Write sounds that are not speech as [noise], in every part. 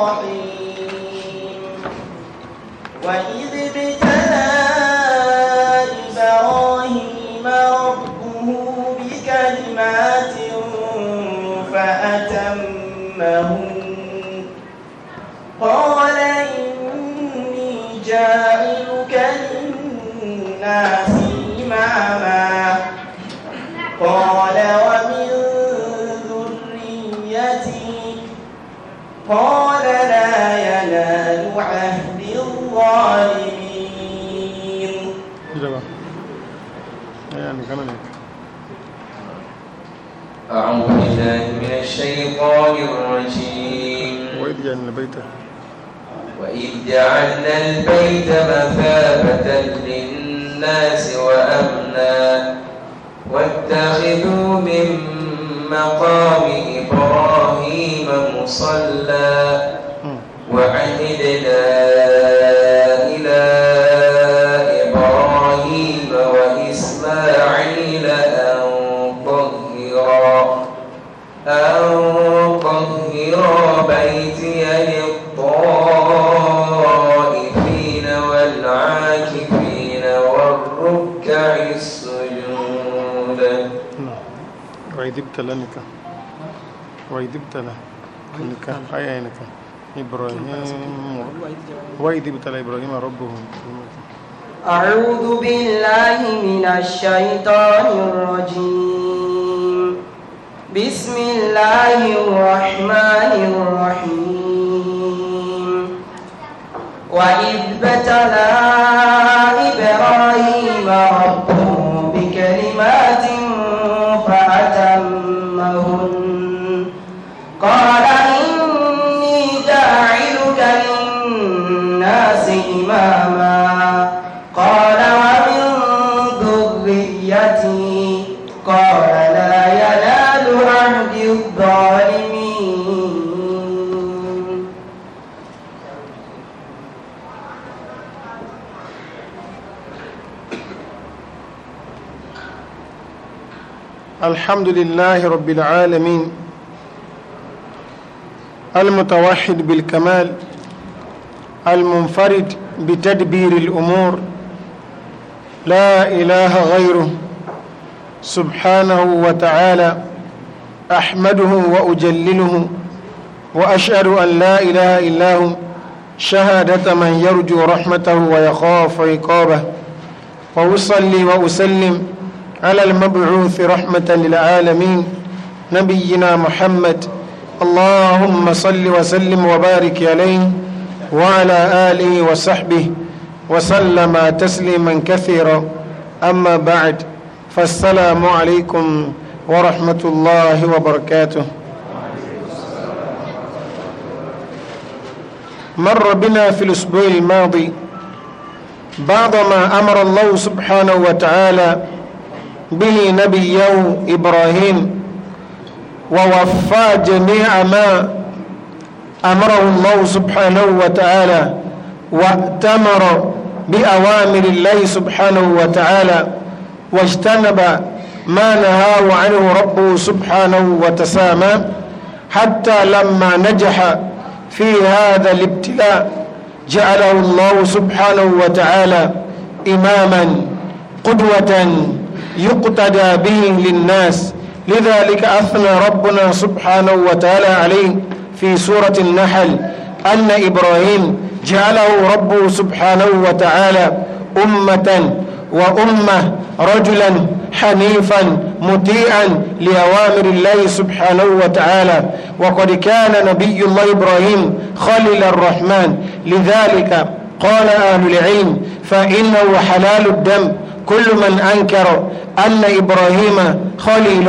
الرحيم وإذ الشيطان الرجيم وإذ جعلنا البيت وإذ جعلنا البيت مثابة للناس وأمنا واتخذوا من مقام إبراهيم مصلى وعهدنا ويدبت ويدبتل لك عينك إبراهيم ويدبت إبراهيم ربه أعوذ بالله من الشيطان الرجيم بسم الله الرحمن الرحيم وإذ ابتلى إبراهيم ربه بكلمات الحمد لله رب العالمين المتوحد بالكمال المنفرد بتدبير الأمور لا إله غيره سبحانه وتعالى أحمده وأجلله وأشهد أن لا إله إلا هو شهادة من يرجو رحمته ويخاف عقابه وأصلي وأسلم على المبعوث رحمة للعالمين نبينا محمد اللهم صل وسلم وبارك عليه وعلى آله وصحبه وسلم تسليما كثيرا أما بعد فالسلام عليكم ورحمة الله وبركاته مر بنا في الأسبوع الماضي بعض ما أمر الله سبحانه وتعالى به نبيه إبراهيم ووفى جميع ما أمره الله سبحانه وتعالى واتمر بأوامر الله سبحانه وتعالى واجتنب ما نهاه عنه ربه سبحانه وتسامى حتى لما نجح في هذا الابتلاء جعله الله سبحانه وتعالى إماما قدوة يقتدى به للناس لذلك أثنى ربنا سبحانه وتعالى عليه في سورة النحل أن إبراهيم جعله ربه سبحانه وتعالى أمة وأمة رجلا حنيفا مطيعا لأوامر الله سبحانه وتعالى وقد كان نبي الله إبراهيم خليل الرحمن لذلك قال أهل العلم فإنه حلال الدم كل من أنكر أن إبراهيم خليل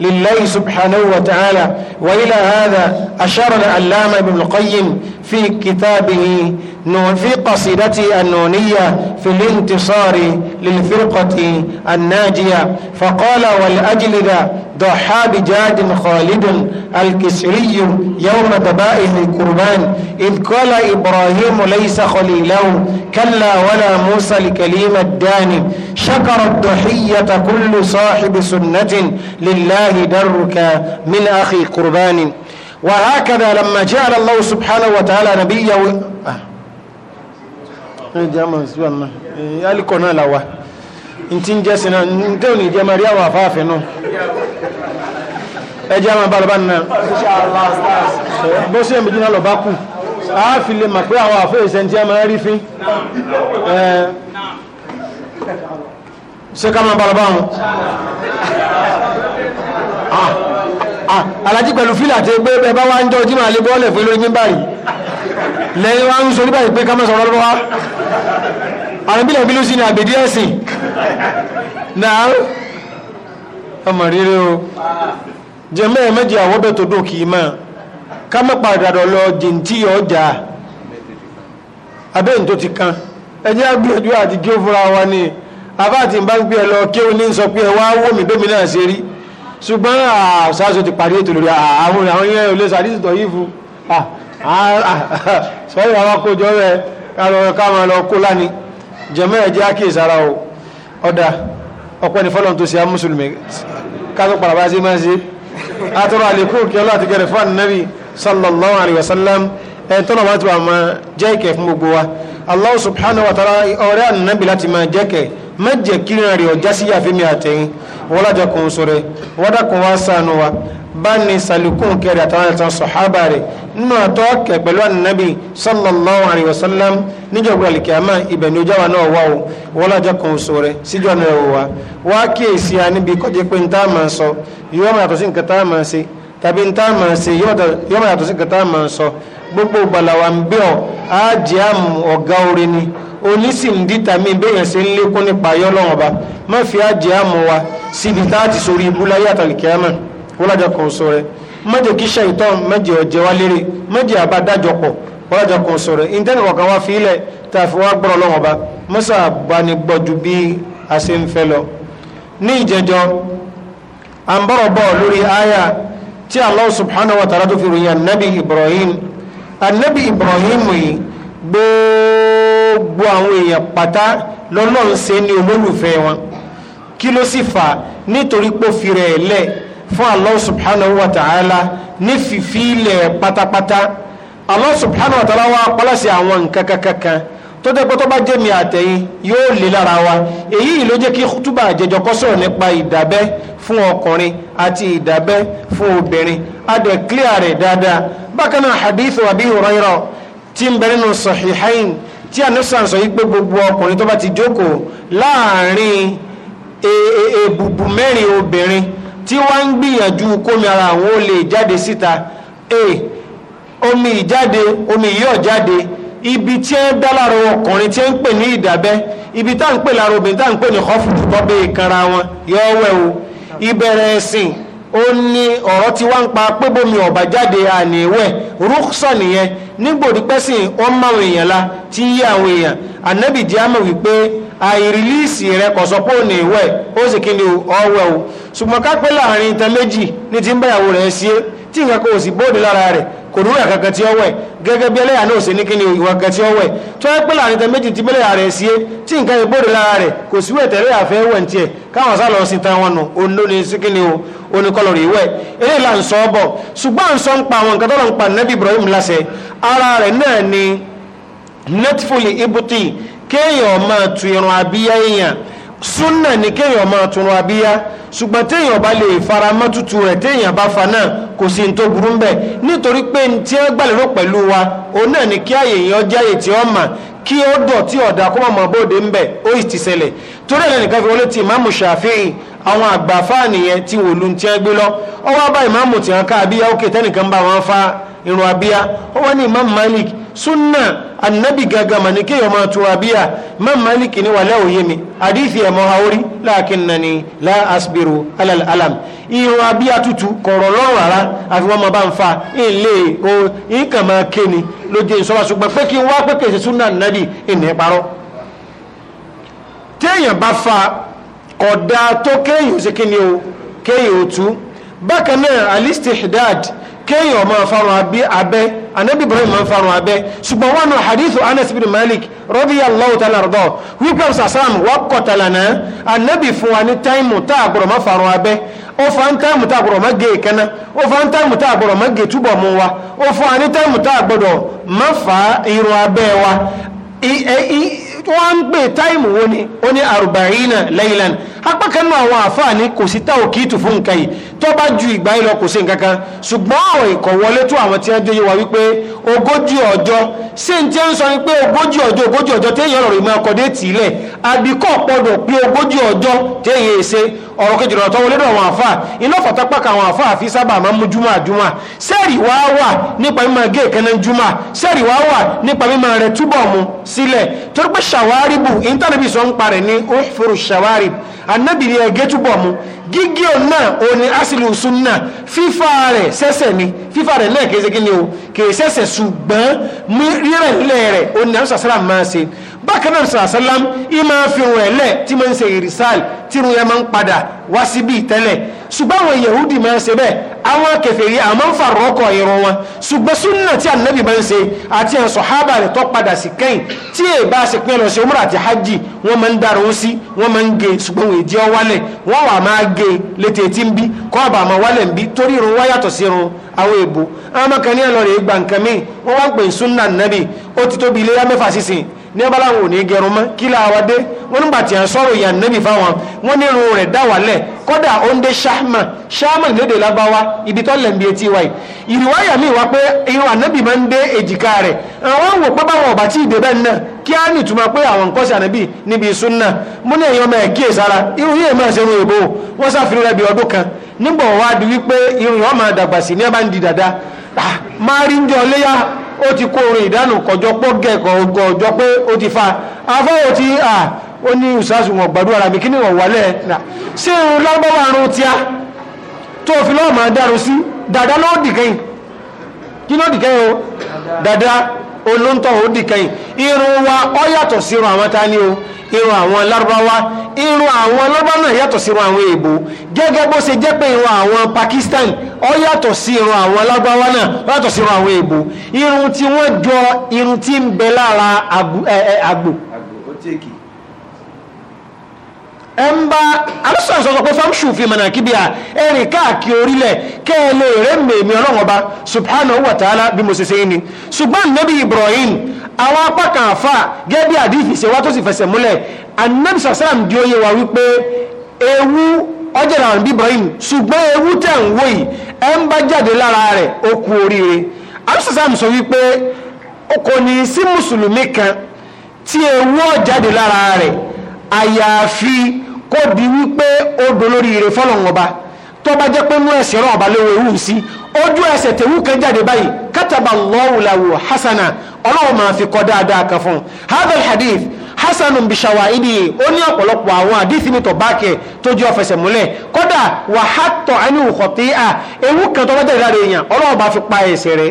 لله سبحانه وتعالى وإلى هذا أشار العلامة ابن القيم في كتابه في قصيدته النونية في الانتصار للفرقة الناجية فقال والأجلد ضحى بجاد خالد الكسري يوم ذبائح القربان إذ قال إبراهيم ليس خليله كلا ولا موسى لكليم الدان شكر الضحية كل صاحب سنة لله درك من أخي قربان وهكذا لما جعل الله سبحانه وتعالى نبيه و... alikọ̀nà làwà tí ń jẹ́ sinà tí ò ní jẹ́ maria wà fáàfin náà ẹjẹ́ àwọn balaba nìna bó sí ẹ̀mí jìnà lọ bá kù a fi lè mà pé àwọn àfẹ́ ìsẹ́ tí a máa rí fín ṣe ká máa balaba wọn ah. Ah, alájí pẹ̀lú fílà tí pé bẹ́ẹ̀ bá wá ń jọ jí máa lè bọ́ọ̀lẹ̀ fún lórí mímbàrí lẹ́yìn wá ń sọ nígbà pé ká má sọ̀rọ̀ lọ́wọ́ àrùn bílẹ̀ bílú sí ni àbèdí ẹ̀sìn náà ọmọ rírẹ o jẹmọ́ ẹ̀ méjì àwọn bẹ́ẹ̀ tó dùn kì í máa ká má padà lọ jìntì ọjà abẹ́yìn tó ti kan ẹjẹ́ àgbẹ̀jọ́ àti kí ó fúnra wa ni àbá àti ìbá ń pè ẹ lọ kí ó ní sọ pé ẹ wá wò mí bẹ́mi náà ṣe rí ṣùgbọ́n àṣàṣò ah, ti parí ètò lórí ah, àwọn àwọn ilẹ̀ olè sàdísì tọ̀ yìí fún ah, sọ́yìn àwọn akójọ rẹ̀ káàmà lọ kó láni jẹ́mọ́ ẹ̀jẹ́ àkíyèsí ara o ọ̀dà ọ̀pọ̀ ní fọ́lọ́n tó ṣe á mùsùlùmí káàtó padà bá sallallahu alayhi wa sallam ẹ̀ tọ́nà wá ti wà subhanahu wa ta'ala ọ̀rẹ́ ànábì láti máa má jẹ́ kíran rẹ̀ ọjà sí yàfẹ́mi àtẹ̀yìn wọ́lájà kò ń sọ̀rọ̀ wọ́dà kò wá sànù wa bá ní sàlùkùn kẹrẹ àtàwọn ẹ̀tàn sọ̀hábà rẹ̀ nínú àtọ́ kẹ pẹ̀lú ànábì sallallahu alayhi wa sallam níjọba alikiyama ibẹ̀ ní ojáwa náà wà o wọ́lájà kò ń sọ̀rọ̀ síjọ́ náà wò wá wá kíyèsí a níbi kọjá pé n tá a máa sọ yóò máa yàtọ̀ sí nǹkan tá a máa ṣe tàbí n tá a máa ṣe yóò máa yàtọ̀ sí nǹkan tá a máa sọ gbogbo gbalawa ń bẹ́ ọ á jẹ́ àmù ọ̀gá orin ni onísìndíta mi bẹ́yẹn ṣe ń lékún nípa ayọ́ lọ́wọ́ ba má fi àjẹ́ àmọ́ wa síbi tá a ti sori ibú láyé àtàlìkẹ́yàmọ̀ wọ́lájà kan sọ rẹ mọ́jọ kí ṣèyítọ́ mọ́jọ ọ̀jẹ̀ wa lérè mọ́jọ àbádájọ́ pọ̀ wọ́lájà kan sọ rẹ ìtẹ́nì kọ̀ọ̀kan wá fílẹ̀ tá a fi wá gbọ́rọ̀ lọ́wọ́ ba mọ́sà banigbọ́jú bí a ṣe ń fẹ́ lọ. ní ìjẹjọ́ à ń bọ̀rọ̀ bọ̀ lórí àyà tí Allah subhanahu wa ta'ala tó fi ròyìn anabi Ibrahim anabi Ibrahim yìí gbogbo àwọn èèyàn pátá lọ́lọ́run ṣe ní olólùfẹ́ wọn kí ló sì fà nítorí pé ó fi rẹ̀ lẹ̀ fún Allah subhanahu wa ta'ala ní fífi ilẹ̀ pátápátá Allah subhanahu wa ta'ala wá pọ́lọ́sì àwọn nǹkan kankan tó jẹ́ pé tó bá jẹ́ mi àtẹ̀yìn yóò lè lára wa èyí ló jẹ́ kí túbà àjẹjọ kọ́ sọ̀rọ̀ nípa ìdábẹ́ fún ọkùnrin àti ìdábẹ́ fún obìnrin a dẹ̀ rẹ̀ dáadáa bákan náà hadith Abi Hurairah tí ń bẹ nínú Sahihain tí anusan sọ yí pé gbogbo ọkùnrin tó bá ti jókòó láàrin èbùbù e, e, mẹ́rin obìnrin tí wọ́n ń gbìyànjú kómi ara àwọn ó lè jáde síta e, omi ìjáde omi yíò jáde ibi tí ẹ dá lára ọkùnrin tí ẹ ń pè ní ìdábẹ́ ibi tá ń pè lára obìnrin tá ń pè ní kọfù tó wọn yọ wẹ o ìbẹ̀rẹ̀ ẹ̀sìn ó ní ọ̀rọ̀ tí wá ń pa pé bómi ọ̀bà jáde àníwẹ̀ rúkṣà nìyẹn nígbòdì pẹ́sìn wọ́n máwọn èèyàn la tí yí àwọn èèyàn ànábìjì àmọ̀ wípé a rẹ kọ̀sọ́pọ̀ òníwẹ̀ ó sì kí ni ọ̀wẹ̀ o. ṣùgbọ́n kápẹ́ láàrin tẹ́lẹ́jì ní ti ń báyàwó rẹ̀ sí é tí nǹkan kò sí bóde lára rẹ̀ kò rú ẹ̀ kankan tí ó wẹ̀ gẹ́gẹ́ bí ẹlẹ́yà náà ṣe ní kí ni ìwà kankan tí ó wẹ̀ tó ẹ pẹ́ láàrin tẹ́lẹ́jì ti bẹ́lẹ̀ rẹ̀ sí é tí nǹkan yẹn bóde lára rẹ̀ kò sí wẹ̀ tẹ́lẹ́yà fẹ́ wẹ̀ ní tiẹ̀ káwọn sá lọ sí tan wọn nù onílóni sí kí ni o oníkọlọ̀ rí wẹ̀ eré là ń sọ ọ bọ̀ ṣùgbọ́n à ń sọ ń pa àwọn ibuti kéèyàn tu irun abíyá èèyàn súnà ní kéèyàn máa tún abíyá ṣùgbọ́n téèyàn bá lè fara mọ́ tútù rẹ̀ téèyàn bá fa náà kò sí tó burú ń bẹ̀ nítorí pé tí wọ́n gbàlérò pẹ̀lú wa òun náà ni kí àyè yẹn jáyè tí wọ́n mà kí ó dọ̀ tí ọ̀dà kó mọ̀mọ́ bóde ń bẹ̀ ó sì ti ṣẹlẹ̀ torí ẹ̀lẹ́ nìkan fi wọlé ti ìmáàmù Ṣàfi'í àwọn àgbà fáànì ti wòlú ti ẹgbẹ́ lọ ọwọ́ bá ìmáàmù tí wọ́n ó kè tẹ́nìkan bá wọn fa irun abíyá ó wá ní imam malik sunna annabi gaga mà ní kéèyàn máa tún abíyá imam malik ní wàlẹ́ òye mi àdìsí ẹ̀mọ́ haori lakinnani la asbiru alal alam irun abíyá tutù kọ̀rọ̀ lọ́rùn ara àfi wọ́n máa bá ń fa ilé o nǹkan máa ké ni ló jẹ́ ìsọ́wá ṣùgbọ́n pé kí n wá pé kèsì sunna annabi ìní parọ́ téèyàn bá fa kódà tó kéèyàn ó ṣe kí ni o kéèyàn ó tú bákan náà alistihdad kéèyàn máa farun abẹ́ abẹ́ anabi ibrahim máa farun abẹ́ ṣùgbọ́n wọn nù hadithu anas bin malik radiyallahu ta'ala rọ̀dọ̀ wípé sàsàm wọ́n kọ̀tàlà náà anabi fún wa ní táìmù tá a gbọ́dọ̀ máa farun abẹ́ ó fa ń táìmù tá a gbọ́dọ̀ máa gé ìkànnà ó fa ń táìmù tá a gbọ́dọ̀ máa gé túbọ̀ mu wa ó fún wa ní táìmù tá a gbọ́dọ̀ fa irun abẹ́ wa wọ́n ń pè táìmù wo ni ó ní arba'ina laylan apákanú àwọn àfáàní kò sí táwọn kìtù fún nǹkan yìí tó bá ju ìgbà yìí lọ kò sí nǹkan kan ṣùgbọ́n àwọn ìkọ̀ wọlé tó àwọn tí wọ́n jẹ́ yíwa wípé ogójì ọjọ́ ṣé n jẹ́ ń sọ wípé ogójì ọjọ́ ogójì ọjọ́ téèyàn ọ̀rọ̀ ìmọ̀ ọkọ̀ dé tì í lẹ̀ àbíkọ́ pọ̀dọ̀ pé ogójì ọjọ́ téèyàn èsè ọ̀rọ̀ kejì lọ́tọ́ wọlé dọ̀ àwọn àfáà iná fọ̀tọ́pàkà àwọn àfáà fi sábà máa ń mú júmọ̀ àjúmọ̀ sẹ́ẹ̀rì wá wà nípa mímọ gé ìkànnì júmọ̀ sẹ́ẹ̀rì wá wà nípa mímọ rẹ̀ túbọ̀ mu sílẹ̀ torí pé ṣàwárìbù intanẹ́bì sọ ń parẹ̀ ní ó fòrò ṣàwárìbù anábìrì ẹgẹ́ túbọ̀ mu gígé òun náà òun ni asilu sunna fífà rẹ̀ sẹ́sẹ̀ ni fífà rẹ̀ náà kìí ṣe kí ni o kìí ṣẹ̀ṣẹ̀ ṣùgbọ́n rírẹ̀ nílẹ̀ rẹ̀ òun ni aṣọ àṣàlám máa ṣe bákan náà aṣọ àṣàlám ìmọ̀ fi hàn ẹ̀ lẹ̀ tí mo ń ṣe ìrìsáàlì tí irun yẹn máa ń padà wá síbi ìtẹ́lẹ̀ ṣùgbọ́n àwọn Yahudi máa ń ṣe bẹ́ẹ̀ àwọn kèfèrí àmọ́ ń fa rọ́kọ̀ irun wọn ṣùgbọ́n súnà tí ànábì bá ń ṣe àti àwọn sọ̀hábà rẹ̀ tó padà sí kẹ́yìn tí èèbá ṣe pín ọ̀nà ṣe umra àti hajj wọ́n máa ń dára ó sí wọ́n máa ń ge ṣùgbọ́n wọ́n èdè ọwálẹ̀ wọ́n wà máa ge létí ń bí kọ́ àbà àmọ́ wálẹ̀ ń bí torí irun wá yàtọ̀ sí irun àwọn èèbò àwọn kan ní wọ́n wá ń pè súnà ànábì ó ti tóbi iléyà mẹ́fà sísìn ní abala wọn ò ní gẹrun mọ́ kí la wa dé wọn nígbà tí wọn sọ̀rọ̀ ìyá nẹ́bì fáwọn wọn ní irun rẹ̀ dá wà lẹ̀ kódà ó ń dé ṣáàmà ṣáàmà lédè lábáwá ibi tó lẹ̀ ń bi etí wa yìí ìrìwáyà mi wá pé irun ànẹ́bì máa ń dé èjìká rẹ̀ àwọn wò pé báwọn ọ̀bà tí ìdè bẹ́ẹ̀ náà kí á ní ìtumọ̀ pé àwọn nǹkan ṣe ànẹ́bì níbi súnà mú ní èèyàn máa kíyè sára irun yìí máa ṣe irun èbó wọ́n sáfìrí rẹ̀ bí ọdún kan nígbà wá di wípé irun yìí wọ́n máa dàgbà sí ní ẹ bá ń di dáadáa Ah, máa rí ń jọ léyà ó ti kó orin ìdánù kọjọ pọ́ gẹ̀ẹ́kọ̀ ọjọ́ pé ó ti fa afọ́wò tí à ah, ó ní ìsásù wọn gbàdúrà rà mí kí ni wọ́n wálẹ̀ nà ṣé irun lágbọ́wọ́ àrùn tíá tó fi lọ́ọ̀ máa dárun sí dàdá ló dìgẹ́yìn kí ló dìgẹ́yìn o dàdá olóńtọ̀ ó dìkẹyìn irun wa ọ yàtọ̀ sí irun àwọn tání o irun àwọn lárúbáwá irun àwọn lárúbáwá náà yàtọ̀ sí irun àwọn èèbò gẹ́gẹ́ bó ṣe jẹ́ pé irun àwọn Pakistan ọ yàtọ̀ sí irun àwọn lárúbáwá náà ọ yàtọ̀ sí irun àwọn èèbò irun tí wọ́n jọ irun tí ń bẹ lára àgbò. àgbò ó tèkì ẹnba alásọ̀sọ̀ sọ pé fámṣù fi mọ̀nà kíbi à ẹ̀rìn káàkiri orílẹ̀ kẹ́ẹ̀lẹ̀ rẹ̀ mèmí ọlọ́run ọba subhanahu wa ta'ala bí mo ṣe ṣe ní ṣùgbọ́n nabi ibrahim àwọn apá kan àfà gẹ́bí àdífì wá tó sì fẹsẹ̀ múlẹ̀ anabi di oyè wa wípé ewu ọjà náà bí ibrahim ṣùgbọ́n ewu tẹ̀ ń wò yìí ẹnba jáde lára rẹ̀ ó kú oríire alásọ̀sọ̀m sọ wípé kò ní sí mùsùlùmí kan tí ewu ó jáde lára rẹ̀ àyàfi kó di wípé ó dolórí ire fọ́lọ̀wọ̀n ọba tó bá jẹ́ pé mú ẹ̀sìn ọ̀rọ̀ ọba lówó ewu sí ojú ẹsẹ̀ tèwú kan jáde báyìí kátàbà lọ́wùláwù hasana ọlọ́wọ́ máa fi kọ́ dáadáa kan fún un hadal hadith hasanun bishawahidi ó ní ọ̀pọ̀lọpọ̀ àwọn àdífì ní tọ̀bákẹ̀ tó jẹ́ ọ̀fẹsẹ̀ múlẹ̀ kódà wàhátọ̀ anil khati'a ewu kan tó bá jáde lára èèyàn ọlọ́wọ́ bá fi pa ẹsẹ̀ rẹ̀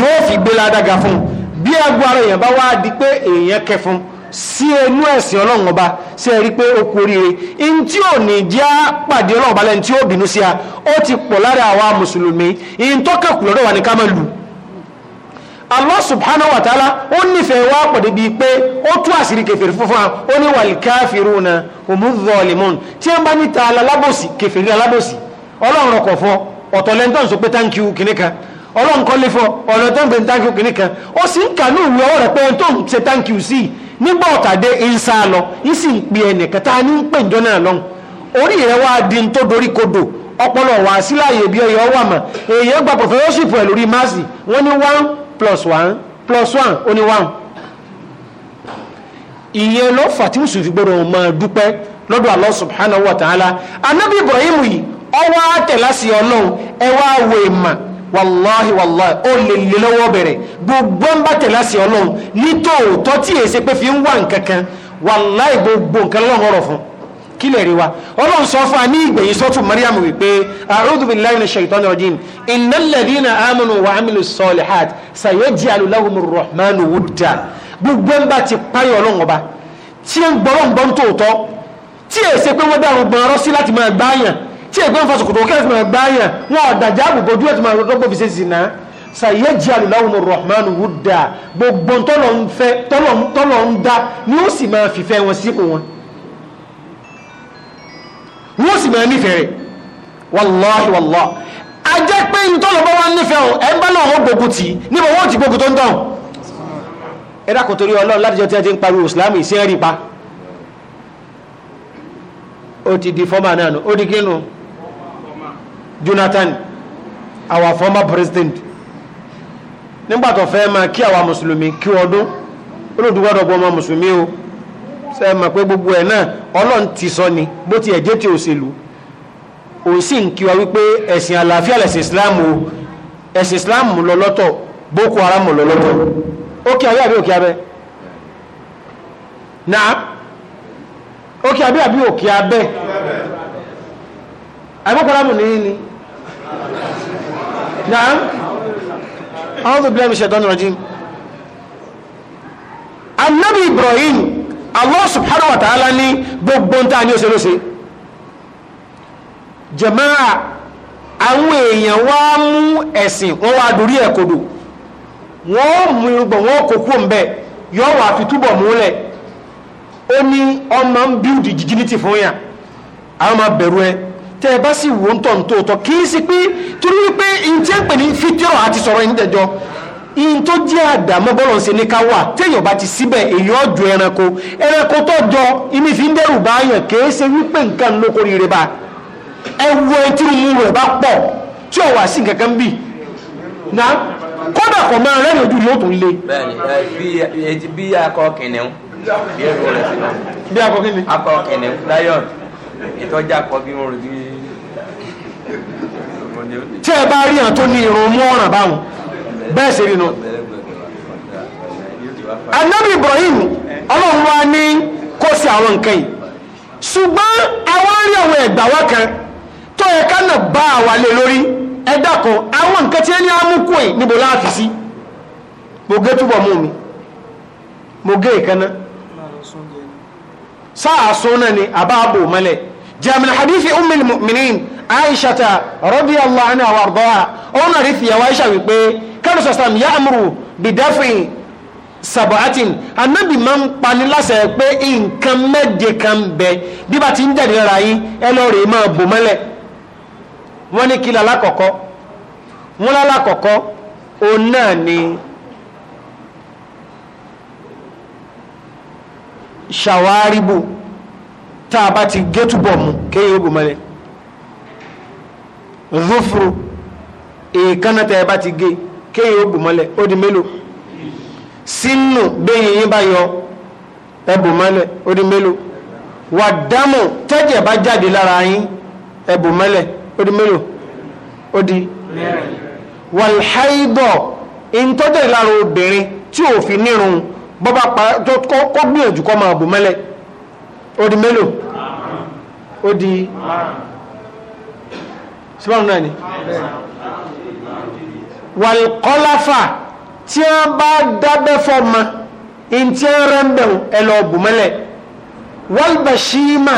yóò fi gbé ládàga fún un bí agbára èèyàn bá wá di pé èèyàn kẹfún sí ẹnu ẹ̀sìn ọlọ́run ọba sí ẹ̀rí pé ó kú oríire in tí ò ní jẹ́ pàdé ọlọ́run ọba lẹ́ni tí ó bínú sí a ó ti pọ̀ lára àwa mùsùlùmí in tó kẹ́kù lọ́dọ̀ wà ní ká máa lù Allah subhanahu wa ta'ala ó nífẹ̀ẹ́ wá pọ̀dé bíi pé ó tú àṣírí kẹfìrí fún fún wa ó ní wal kafiruna humuz zalimun tí wọ́n bá ní ta alábòsí kẹfìrí alábòsí ọlọ́run rọkọ̀ fún ọ̀tọ̀ lẹ́ńtọ́n sọ pé táǹkì kìnìkan ọlọ́run kọ́lé fún nígbà ọ̀tàdé ìsá lọ ìsì ń pe ẹnìkan tá a ní ń pè ìjọ náà lọ́hùn orí rẹ̀ wá di tó dorí kodò ọpọlọ wà síláyè bí ọyọ wà mọ̀ èèyàn gba professorship ẹ̀ lórí máàsì wọ́n ní one plus one plus one ó ní one ìyẹn ló fà tí mùsùlùmí gbọdọ̀ máa dúpẹ́ lọ́dọ̀ Allah subhanahu wa ta'ala anabi ibrahim yìí ọwọ́ àtẹ̀lásí ọlọ́run ẹwà àwọ̀ èèmà wàláhì wàláhì ó lè lè lọ́wọ́ bẹ̀rẹ̀ gbogbo ń bá tẹ̀lá sí ọlọ́run ní tòótọ́ tí èyí ṣe pé fi ń wà nǹkan kan wàláhì gbogbo nǹkan lọ́rùn ọ̀rọ̀ fún kí lè rí wa ọlọ́run sọ fún wa ní ìgbẹ̀yìn sọ́tún mariam wípé a'udhu billahi minash shaitani rajim innal ladhina amanu wa amilu salihat sayaj'alu lahumur ṣe pé wọ́n tí ègbọ́n fásokòtò kí ẹ̀sìn máa gbáyà wọn ọ̀dàjà àbùkù ojú ẹ̀sìn máa rọ́gbọ́ fi ṣe sí náà sàyẹ́ jẹ́ alùláwùn rahman wúdà gbogbo tọ́lọ̀ ń dá ni ó sì máa fìfẹ́ wọn sípò wọn wọ́n sì máa nífẹ̀ẹ́ rẹ̀ wàláhì wàláhì a jẹ́ pé ń tọ́lọ̀ bá wá nífẹ̀ẹ́ ọ̀ ẹ̀ ń bá náà wọ́n gbogbo tì í níbo wọ́n ti gbogbo tó ń dán ẹ dákun torí ọlọ́run látijọ́ tí wọ́n ti ń pariwo ìsìlámù ìsìn ẹ̀rí pa ó ti di fọ́mà náà ó di kínú Jonathan our former president nígbà tó fẹ́ máa kí àwa mùsùlùmí kí ọdún ọmọ mùsùlùmí o ṣe mọ̀ gbogbo ẹ̀ náà sọ ni bó ti ẹ̀ jẹ́ ti òṣèlú òun sì ń kí wa Islam o ẹ̀sìn Islam Boko Haram ókè abẹ́ àbí òkè abẹ́ ókè abẹ́ àbí òkè abẹ́ نعم أعوذ بالله من الشيطان الرجيم النبي إبراهيم Allah subhanahu wa ta'ala ní gbogbo ntá ní àwọn èèyàn wá mú ẹ̀sìn wọ́n wá dorí ẹ̀ wọ́n mú irúgbọ̀n wọ́n wà fi túbọ̀ múlẹ̀ ó ní ọmọ ń fún àwọn bẹ̀rù tẹ́ ẹ bá sì wò ń tọ̀ ń tòótọ́ kì í sí pé torí wípé in tí ń pè ní fídíò àti sọ̀rọ̀ yìí dẹjọ́ in tó jẹ́ àdàmọ́ bọ́lọ̀ ṣe ní ká wà téèyàn bá ti síbẹ̀ èyí ọ̀jọ̀ ẹranko ẹranko tó jọ imi fi ń dẹ́rù bá yàn kì í ṣe wípé nǹkan lóko rire bá ẹ wo etí mu rẹ̀ bá pọ̀ tí ò wá sí nǹkan kan bì náà kódà kò máa rẹ́rìn ojú yóò tún lé. bẹ́ẹ̀ni bí akọ kìnìún bí akọ kìnìún lion ìtọ́jà kọ bí wọn rò bí tí ẹ bá rí hàn tó ní irun mú ọ̀ràn báwọn bẹ́ẹ̀ sì rí nu. anabi Ibrahim ọlọ́run wa ní kó sí àwọn nǹkan yìí ṣùgbọ́n àwọn rí àwọn ẹ̀gbà wá kan tó yẹ ká náà bá àwa lé lórí ẹ dákun àwọn nǹkan tí ẹ ní amúkú ẹ níbo láàfin sí mo gé túbọ̀ mú mi mo gé ìkànnà sáà sún náà ni àbá mọ́lẹ̀ aishata radiyallahu anha wa ardaha òun náà rí fìyàwó aisha wípé kẹ́lù sọ̀sàm yá àmúrù bìdáfìn sàbọ̀átìn anábì máa ń pani lásẹ̀ pé nǹkan méje kan bẹ bí bá ti ń jáde lára yín ẹ lọ rèé máa bò mọ́lẹ̀ wọ́n ní kí lalákọ̀ọ́kọ́ wọ́n lálákọ̀ọ́kọ́ òun náà ni ṣàwárí bò tá a bá ti gẹ́tùbọ̀ mu kéye bò mọ́lẹ̀ zufru èèkánná tẹ́ ẹ bá ti gé kéyìn ó bù mọ́lẹ̀ ó di mélòó sínú bẹ́yìn yín bá yọ ẹ bù mọ́lẹ̀ ó di mélòó wà dámù tẹ́jẹ̀ bá jáde lára yín ẹ bù mọ́lẹ̀ ó di mélòó ó di wàlháìbọ̀ ìntọ́jẹ̀ lára obìnrin tí ò fi nírun bọ́bá kó gbìyànjú kọ́ máa bù mọ́lẹ̀ ó di mélòó ó di márùn ṣùgbọ́n náà ni wàlùkọ́láfà tí a bá dábẹ́ fọ́ọ̀mà in tí a rẹ̀ ń bẹ̀rù ẹ̀lọ́ ọ̀bùmọ́lẹ̀ wàlùbàṣímà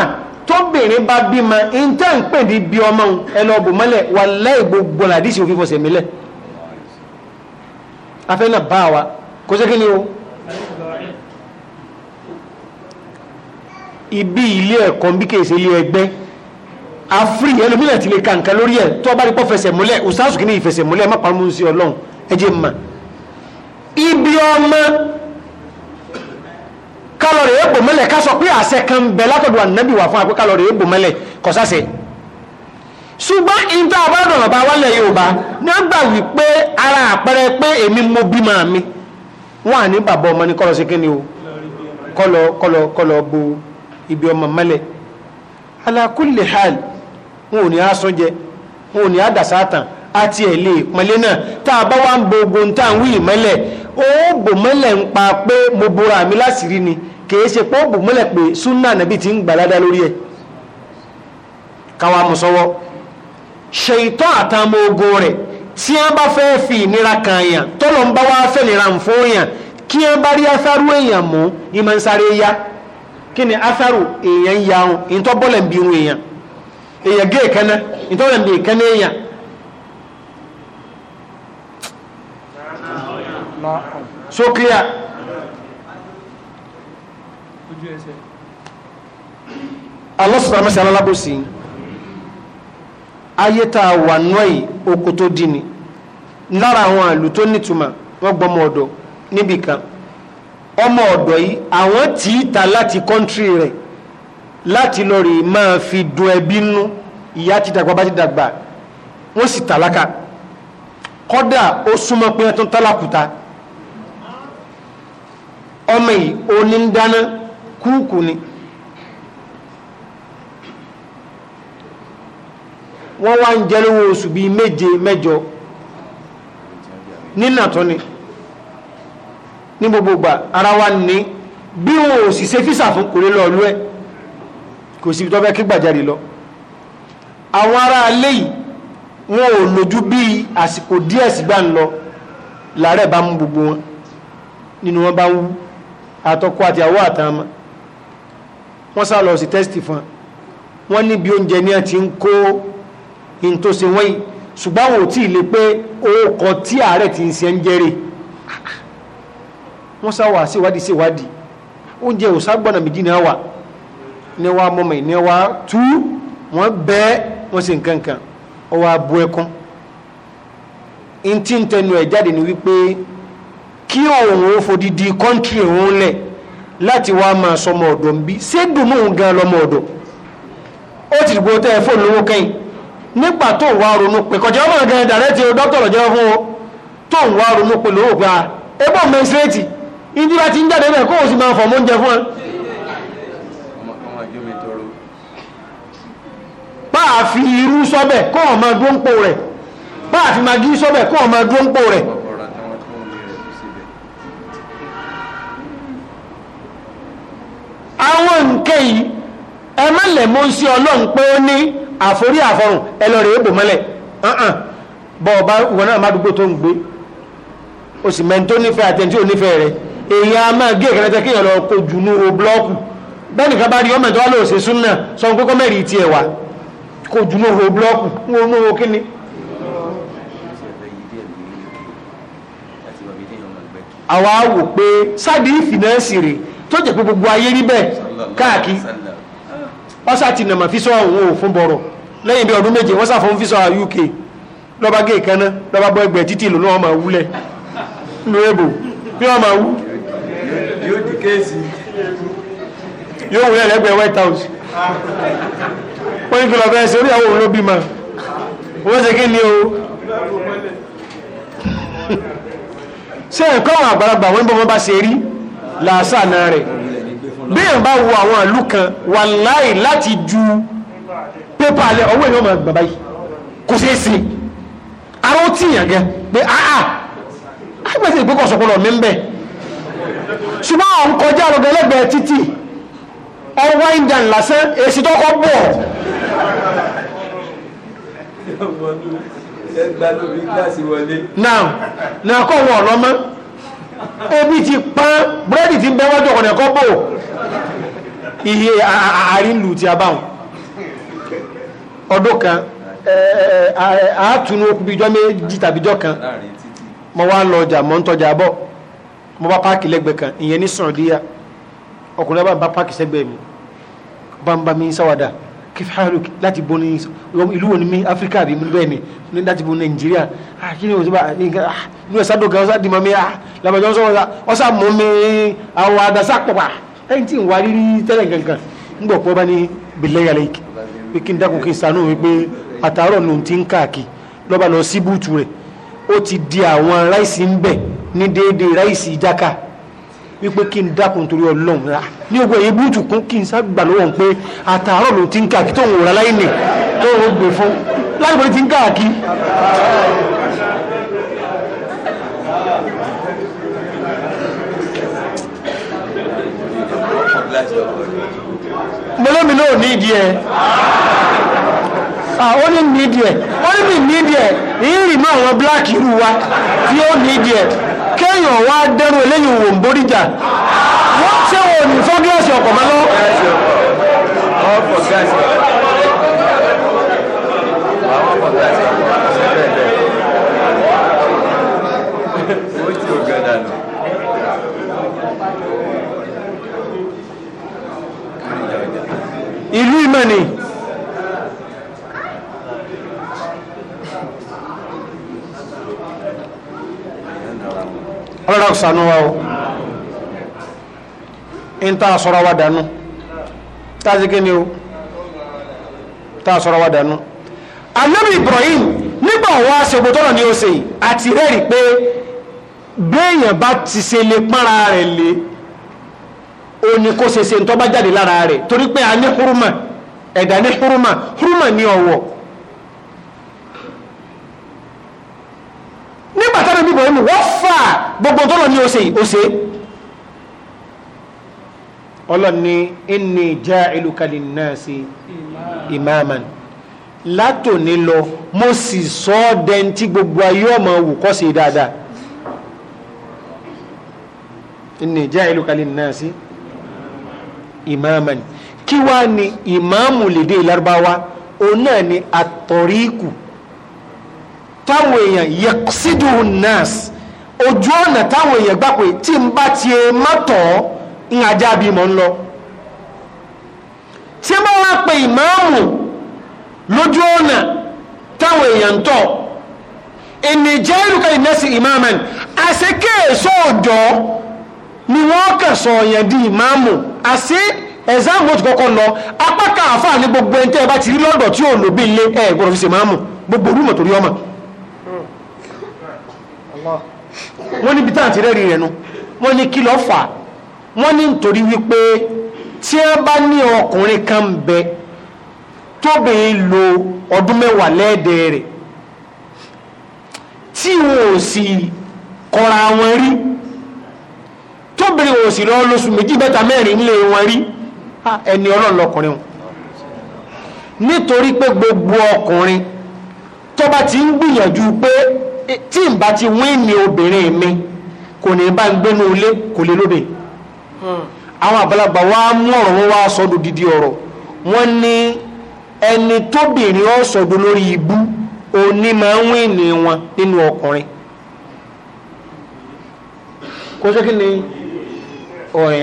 tóbìnrin bá bímọ in tí a ń pè ní bí ọmọ ẹ̀lọ́ ọ̀bùmọ́lẹ̀ wà láì gbogbo làdísì òfin fọ̀sẹ̀ mílẹ̀ afẹ́ náà bá wa kó sẹ́kí ni ibi ilé ẹ̀kọ́ bí kèsè ilé ẹgbẹ́ afri ẹlòmílẹ̀ ti lè ka nǹkan lórí ẹ̀ tó bá rí pọ́ fẹsẹ̀ múlẹ̀ ustaasu kìíní ìfẹsẹ̀ múlẹ̀ má parọ́ mú sí ọlọ́run ẹ jẹ́ mà ibi ọmọ kálọ̀rì èèbò mẹ́lẹ̀ ká sọ pé àṣẹ kan bẹ látọ̀dọ̀ ànábì wà fún àpé kálọ̀rì èèbò mẹ́lẹ̀ kò ṣùgbọ́n ìta ara àpẹẹrẹ pé èmi mo mi wọn à ni o kọlọ kọlọ kọlọ bo ibi ọmọ mẹ́lẹ̀ ala kulli hal wọn ò ní asọ́jẹ wọn ò ní àdàsátàn àti ẹ̀lẹ́ ìpínlẹ̀ náà tá a bá wá ń bo ogun tá à ó ń pa pé mo bora ni kìí ṣe pé ó nàbí ti ń lórí ẹ̀ káwa mú sọ́wọ́ rẹ̀ tí bá kan ń bá wá fẹ́ nira fún kí bá rí afárú èèyàn mú ìmọ̀ ń sáré yá kí ni afárú èèyàn ń ya ohun ìtọ́bọ̀lẹ̀ ń ohun èyàn gé ìkaná ìtọ́nà bí ìkaná èyàn so clear alọsọsọ mẹ́sàn alábòsí ayé tá a wà náà yìí oko tó lara ní lára to àlù tó nítumọ̀ wọ́n gbọ́mọ níbìkan ọmọ ọdọ yìí àwọn tí í ta láti kọ́ńtírì rẹ̀ láti lọ rí máa fi dun ẹbí nú ìyá ti dàgbà bá ti dàgbà wọ́n sì tàlákà kọ́dà ó súnmọ́ pé ẹ tó ń tálákùta ọmọ yìí ó ní ń dáná kúùkù ni wọ́n wá ń jẹ́lówó oṣù bíi méje mẹ́jọ nínà tó ni ní gbogbo gbà ara wa ní bí wọn ò sì ṣe físà fún kò ẹ̀ kò sí ibi tó fẹ́ kí gbàjarì lọ àwọn ará alẹ́ yìí wọn ò lójú bí àsìkò díẹ̀ sígbà ń lọ làárẹ̀ bá mú gbogbo wọn nínú wọn bá ń wú àtọkọ àti àwọ àtàmà wọ́n sá lọ sí tẹ́sítì fún wọn níbi oúnjẹ ní àti ń kó in tó ṣe wọ́n yìí ṣùgbọ́n àwọn tí ì lè pé orúkọ tí ààrẹ ti ń ṣe ń jẹ́rè wọ́n sá wà síwádìí síwádìí oúnjẹ ò ságbọ́nà méjì náà wà níwá mọ́mọ́ níwá tú wọ́n bẹ́ẹ̀ wọ́n sì nǹkan kan ó wá bu ẹkún ntí ntẹnu ẹ̀ jáde ni wípé kí òun ó fodidi kọ́ńtì òun lẹ̀ láti wá máa sọmọ ọ̀dọ̀ ń bí ṣé dùnmọ́ òun gan lọmọ ọ̀dọ̀ ó ti dìbò tẹ́ ẹ fóònù lówó kẹ́yìn nígbà tó wá ronú pé kọjá ọmọ gan dàrẹ́ ti o dókítà lọ́jọ́ fún o tó ń wá ronú pé lówó gba ah, ẹgbọ́n mẹ́sírẹ́tì ìdíra ti ń jáde bẹ́ẹ̀ kó o sì máa fọ̀ mọ́ oúnjẹ fún ẹ a fi irú sọ́bẹ̀ kọ́ ọmọ dúnpò rẹ̀ bá a fi magí sọ́bẹ̀ kọ́ ọmọ dúnpò rẹ̀ àwọn nǹkẹ́ yìí ẹ má lẹ̀ mọ́ sí ọlọ́run pé ó ní àforí àfọrùn ẹ lọ rèé bò mọ́lẹ̀ bọ́ ọba ìwọ náà má dúgbò tó ń gbé o sì mẹ́ntó nífẹ̀ẹ́ àtẹ̀ntí ò nífẹ̀ẹ́ rẹ̀ èèyàn a máa gé ìkẹrẹtẹ kéèyàn lọ kojú ní o blọ́ọ̀kù bẹ́ẹ̀ nìkan bá rí ọmọ ìtọ́wálò òṣèṣún náà sọ pé kọ́mẹ́rì tiẹ̀ wà kò jùlọ ro blọ́ọ̀kù ń wo mówó kí ni. àwa wò pé sáàdì ìfìnẹ́ẹ̀sì rè tó jẹ́ pé gbogbo ayé rí bẹ́ẹ̀ káàkiri ọ́sà ti nàmà fi sọ òun ò fún bọ̀rọ̀ lẹ́yìn bí ọdún méje wọ́n sà fún fi sọ UK lọ́ba gé ìkànnà lọ́ba bọ́ ẹgbẹ́ títì lòun náà máa wúlẹ̀ nínú èbò bí wọ́n máa wú. yóò di kéèsì. yóò wúlẹ̀ lẹ́gbẹ̀ẹ́ White House wọ́n ní kí lọ bẹ́ẹ̀ sí orí àwọn olóbí ma wọ́n ṣe kí ni o ṣe ẹ̀kọ́ àwọn àgbàlagbà wọ́n bọ́ bá ṣe rí làásàánà rẹ̀ bí èèyàn bá wo àwọn ìlú kan wà láì láti ju pépà alẹ́ ọwọ́ èèyàn máa gbà báyìí kò ṣeé ṣe ara ó tìyàn gẹ pé áà àgbẹ̀sẹ̀ ìpínkọ̀sọ̀kọ̀ lọ mí ń bẹ̀ ṣùgbọ́n àwọn kọjá lọ́gẹ́lẹ́gbẹ̀ẹ́ títì ọwọ́ indian lásán èsì tó kọ́ bọ̀ náà náà kọ́ wọn ebi ti pa búrẹ́dì ti ń bẹ́ wájú ọ̀nà ẹ̀kọ́ àárín lù ti abáhùn ọdún kan àátùnú okùn bíjọ́ méjì kan mo wá lọ ọjà bambami sawada kif haluk lati bo ni mi áfíríkà ah, ah, ni ní láti bo nàìjíríà ni òṣùpá ní ọ̀sá dọ̀gá ọ̀sá dìmọ̀ mi làbàjọ́ ọ̀sá ọ̀sá ọ̀sá mọ̀ mi àwọn àdàsá pọ̀pà ẹ̀yìn tí ń wá rírí ni òun ti ń káàkiri lọ́ba wípé kí n dákun torí ọlọ́run rà ní ogun èyí búùtù kún kí n sábà lọ́wọ́ pé àtàárọ̀ ló ti ń káàkiri tó ń wòrán láyé nì tó ń gbè fún láyé bọ́lí ti ń káàkiri. mọlẹ́mi náà ní ìdí ẹ̀ ó ní ní ìdí ẹ̀ ó ní ìdí ẹ̀ ìrìn náà bíláàkì rú wa tí ó ní ìdí ẹ̀ kéèyàn wá dẹ́rù eléyìí wò ń bóríjà wọ́n ṣe wò ní fọ́ gíláàsì ọkọ̀ mọ́ lọ. ìlú ìmọ̀ ni. ọlọ́dà kò sànú wa o ń tá a sọ̀rọ̀ wa dànù tá a ti kéde o tá wa dànù. anabi Ibrahim nígbà wa ṣègbè tọ́lọ̀ ni ó ṣe àti rẹ́rìí pé béèyàn bá ti ṣe lè pọ́nra rẹ̀ lé o ní kó ṣe ṣe ń tọ́ bá jáde lára rẹ̀ torí pé a ní huruma ẹ̀dá ní huruma huruma ní ọ̀wọ̀. àmọ́ ẹnu wọ́n fà gbogbo tọ́lọ̀ ní ose ose ọlọ́ni inni ja'iluka linnasi imaman látòní lọ mo sì sọ ọ́ dẹ́ntí gbogbo ayé ọmọ wù kọ́ sí dáadáa inni ja'iluka linnasi imaman kí wá ni ìmáàmù lédè lárúbáwá òun náà ni àtọ̀ríkù táwọn èèyàn yẹ̀sídù nas ojú ọ̀nà táwọn èèyàn gbà pé tí n bá ti mọ́tọ̀ ń ajá bí mọ́ ń lọ tí wọ́n wá pe ìmáàmù lójú ọ̀nà táwọn èèyàn tọ̀ ìní jẹ́ ìrùkà ìnẹ́sì ìmáàmù àṣekéèso ọ̀dọ́ ni wọ́n kàn sọ ọ̀yàn di ìmáàmù àṣe ẹ̀záàmù ó ti kọ́kọ́ lọ apá kan àfáà ní gbogbo ẹni tẹ́ ẹ bá ti rí lọ́dọ̀ tí ò lóbi ilé ẹ̀ gbọ́dọ̀ fi ṣe ìmáàmù gbogbo orúmọ̀ torí ọmọ wọ́n ní bítà àti rẹ́rìn rẹ̀ nu wọ́n ní kí ló fà wọ́n ní nítorí wípé tí wọ́n bá ní ọkùnrin kan bẹ tóbi lo ọdún mẹ́wàá lẹ́ẹ̀dẹ̀ rẹ̀ tí wọn ò sì kọra wọn rí tóbi wọn ò sì lọ lóṣù méjì bẹ́ta mẹ́rin ńlẹ̀ wọn rí ẹni ọlọ́run lọkùnrin wọn nítorí pé gbogbo ọkùnrin tó bá ti ń gbìyànjú pé tí n ti wín obìnrin mi kò ní bá ń gbénu ilé kò lè lóbe hmm. àwọn wa mú ọ̀rọ̀ wọn wá sọ́dọ̀ dídí ọ̀rọ̀ wọn ní ẹni tóbìnrin ó sọ́dọ̀ lórí ibú òní máa ń wín wọn nínú ọkùnrin kí ni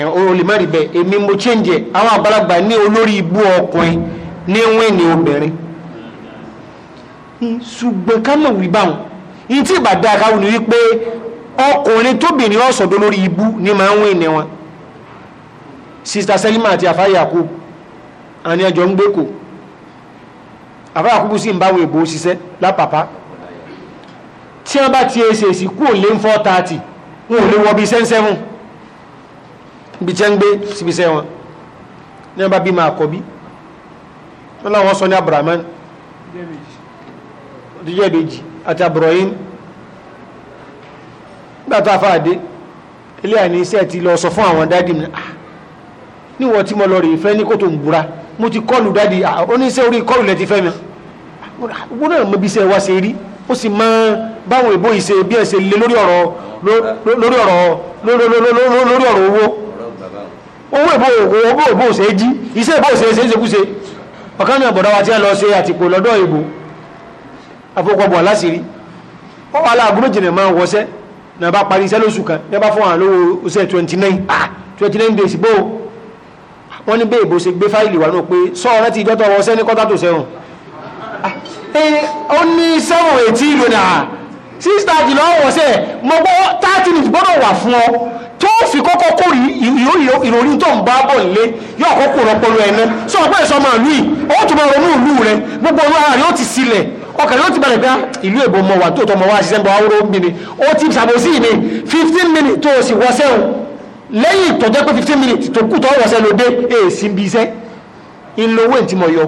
olùmọ̀rì bẹ́ẹ̀ èmi mo ìtì ìbàdàn akáwọn ni wípé ọkùnrin tóbìnrin ọ̀sọ̀dọ̀ lórí ibú ni máa ń wìn ní wọn sista Selima àti afa Yakub àni ẹjọ ń gbẹ́kọ̀ afa Yakub sì ń báwọn èbò ṣiṣẹ́ lápapá tí wọ́n bá ti ẹsẹ̀ sí kú ò lé ń fọ́ tààtì wọn ò lè wọ́ bí sẹ́ńsẹ́mù bí jẹ́ ń gbé síbi iṣẹ́ wọn ní wọ́n bá bí máa kọ́ bí wọ́n láwọn sọ ní Abrahaman díjẹ́ ìbejì àti àbúrọ̀yìn gbàtà fàádé ilé àní iṣẹ́ ti lọ sọ fún àwọn dádì mi ah, níwọ̀n tí mo lọ rí ìfẹ́ ní kó tó ń búra mo ti kọlù dádì oníṣẹ́ ah, orí kọlù lẹ ti fẹ́ mi gbọ́n náà mọ́bí iṣẹ́ wá ṣe rí ó sì mọ́ báwọn ìbò ìṣe bí ẹ̀ ṣe lé lórí ọ̀rọ̀ lórí ọ̀rọ̀ lórí owó owó ìbò owó ìbò ṣe jí iṣẹ́ ìbò ṣe ṣe ṣe kúṣe ọ̀kan náà bọ̀dá wa ti lọ ṣe àtìpó lọ́dọ̀ ìbò afọ́gbọ́gbọ̀ lásìrí ó wà láàgùn méjìlẹ̀ máa wọ́sẹ́ náà bá parí iṣẹ́ lóṣù kan ní bá fún àwọn olówó oṣù 29 ah 29 days bó wọ́n ní bẹ́ẹ̀ bó ṣe gbé fáìlì wà náà pé sọ́ọ̀ rántí ìjọ́ tó wọ́sẹ́ ní kọ́tà tó sẹ́wọ̀n ah, ó ní sẹ́wọ̀n ètí oh ìlú náà sísítà jùlọ wọ́sẹ̀ mọ́ gbọ́ 30 minutes gbọ́dọ̀ wà fún ọ tó fi kọ́kọ́ kó ìròrí tó ń bá bọ̀ lé yóò kọ́kọ́ rọpọlọ ẹ̀ná sọ̀rọ̀ pẹ́ sọmọ ìlú ó tún ronú ìlú rẹ gbogbo ọlọ́run yóò ti sílẹ̀ ọkàn yóò ti bẹ̀rẹ̀ pé ah, ìlú èbò mọ̀ wà tó tọ́ mọ̀ wá ṣiṣẹ́ bọ̀ awúrò ń bìnrin ó ti ṣàbòsí mi fifteen minutes tó o sì wọ́sẹ̀ o lẹ́yìn ìtọ́jẹ́ pé fifteen minutes tó kù tó wọ́sẹ̀ lóde èsì ń bi iṣẹ́ ìlówó ètí mọ̀ yọ.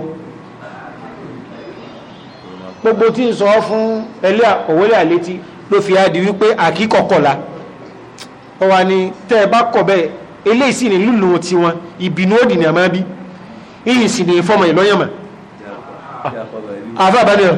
gbogbo tí ń sọ fún ẹlẹ́ òwúrẹ́ àlétí ló fi adi wípé àkíkọ̀kọ̀la ọ wà ní tẹ́ ẹ bá kọ̀ bẹ́ẹ̀ eléyìí sì ní lùlù tiwọn ìbínú òdì ní àmọ́ bí ìyìn sì ní fọmọ ìlọ́yàmọ̀ àfẹ́ àbálẹ̀ rẹ̀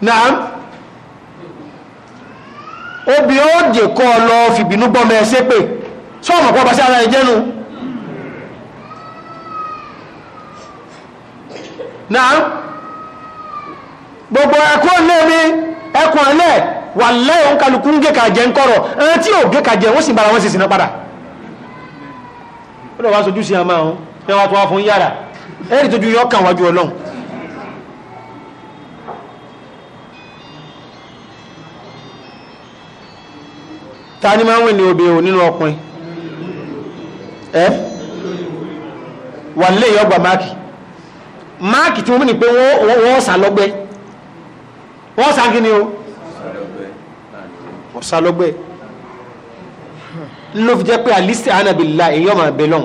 náà obì ó dè kọ́ ọ lọ fìbínú gbọ́mọ ẹ ṣépè sọ́ọ̀mù pọ́ pàṣẹ ara ẹ jẹ́nu náà gbogbo ẹ̀kọ́ lé mi ẹkùn ẹlẹ́ wà lẹ́yìn kálukú ń gẹ́ka jẹ́ ń kọ́rọ̀ ẹni tí ò gẹ́ka jẹ́ wọ́n sì bára wọn sì sínú padà ó lọ wá sojú sí àmà ọ̀hún ní tó wá fún yàrá ẹ̀rì tójú yọ kàn wájú ọlọ́run ta ni máa ń wẹ̀ ní obè ò nínú ọkùnrin ẹ́ wà nílé yọ gba máàkì máàkì tí wọ́n mú ní pé wọ́n sà lọ́gbẹ́ wọ́n sà kí ni o wọ́n sà lọ́gbẹ́ ló fi jẹ́ pé alisi anabila èyí ọmọ abẹ lọ́n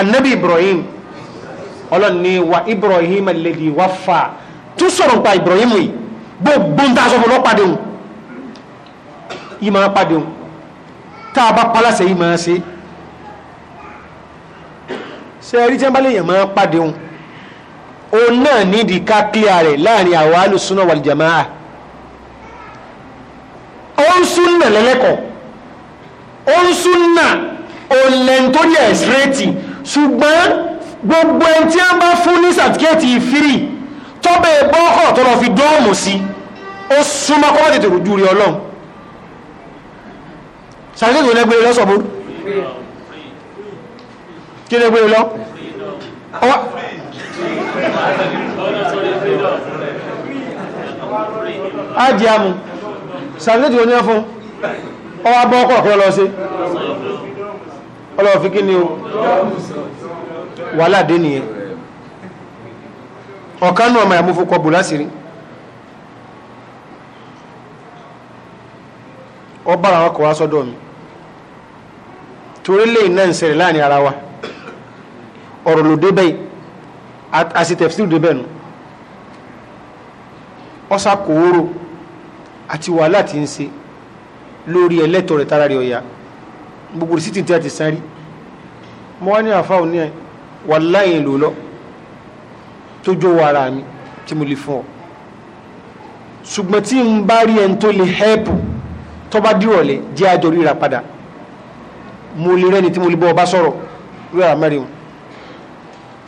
anabi Ibrahim ọlọ́ni wa Ibrahim alladhi waffa tún sọ̀rọ̀ nípa Ibrahim yìí gbogbo ń ta sọ fún ọlọ́pàá dẹ̀hùn yìí máa tá a bá paláṣẹ yìí máa ṣe ṣe rí tí wọ́n bá léèyàn máa pàdé òun òun náà nídìí ká clear rẹ̀ láàrin àwọn alùsùnà wàlìjàmáà òun súnà lẹ́lẹ́kọ̀ọ́ òun súnà òun lẹ́ntórí ẹ̀ sírẹ́tì ṣùgbọ́n gbogbo ẹni tí wọ́n bá fún ní sàtíkẹ́ẹ̀tì fírì tọ́bẹ̀ bọ́ọ̀kọ̀ tó fi dọ́ọ̀mù sí ó súnmọ́ kọ́mọ́tètè rújú rí ọlọ́run sàrẹ́kẹ́kẹ́ lẹ́gbẹ̀rẹ̀ e lọ sọ̀bọ̀ kí lẹ́gbẹ̀rẹ̀ e lọ ọwá ájì amù sàrẹ́kẹ́kẹ́ oní ẹfún ọwá bọ́ ọkọ̀ ọ̀kọ́ lọ sí ọlọ́ọ̀fí kí ni o wàhálà dé nìyẹn ọ̀kan náà ẹ̀mú fún kọbù lásìrí ọ bára wọn wá sọ́dọ̀ mi torí lè iná ń ṣẹlẹ̀ láàrin ara wa ọ̀rọ̀ ló dé bẹ́ẹ̀ àti tẹ̀fsíìrì dé bẹ́ẹ̀ nù ọ̀sà kòóró àti wàhálà ti ń ṣe lórí gbogbo sí ti ti san rí mo wá ní àfa òní ẹ wàláhì ló lọ tó jó wa ara mi tí mo lè fún ọ ṣùgbọ́n tí n bá rí ẹni tó lè hẹ́ẹ̀pù tó bá dírọ̀lẹ́ jẹ́ àjọ ríra padà mo lè rẹ́ni tí mo lè bọ́ ọba sọ̀rọ̀ lórí àmẹ́rin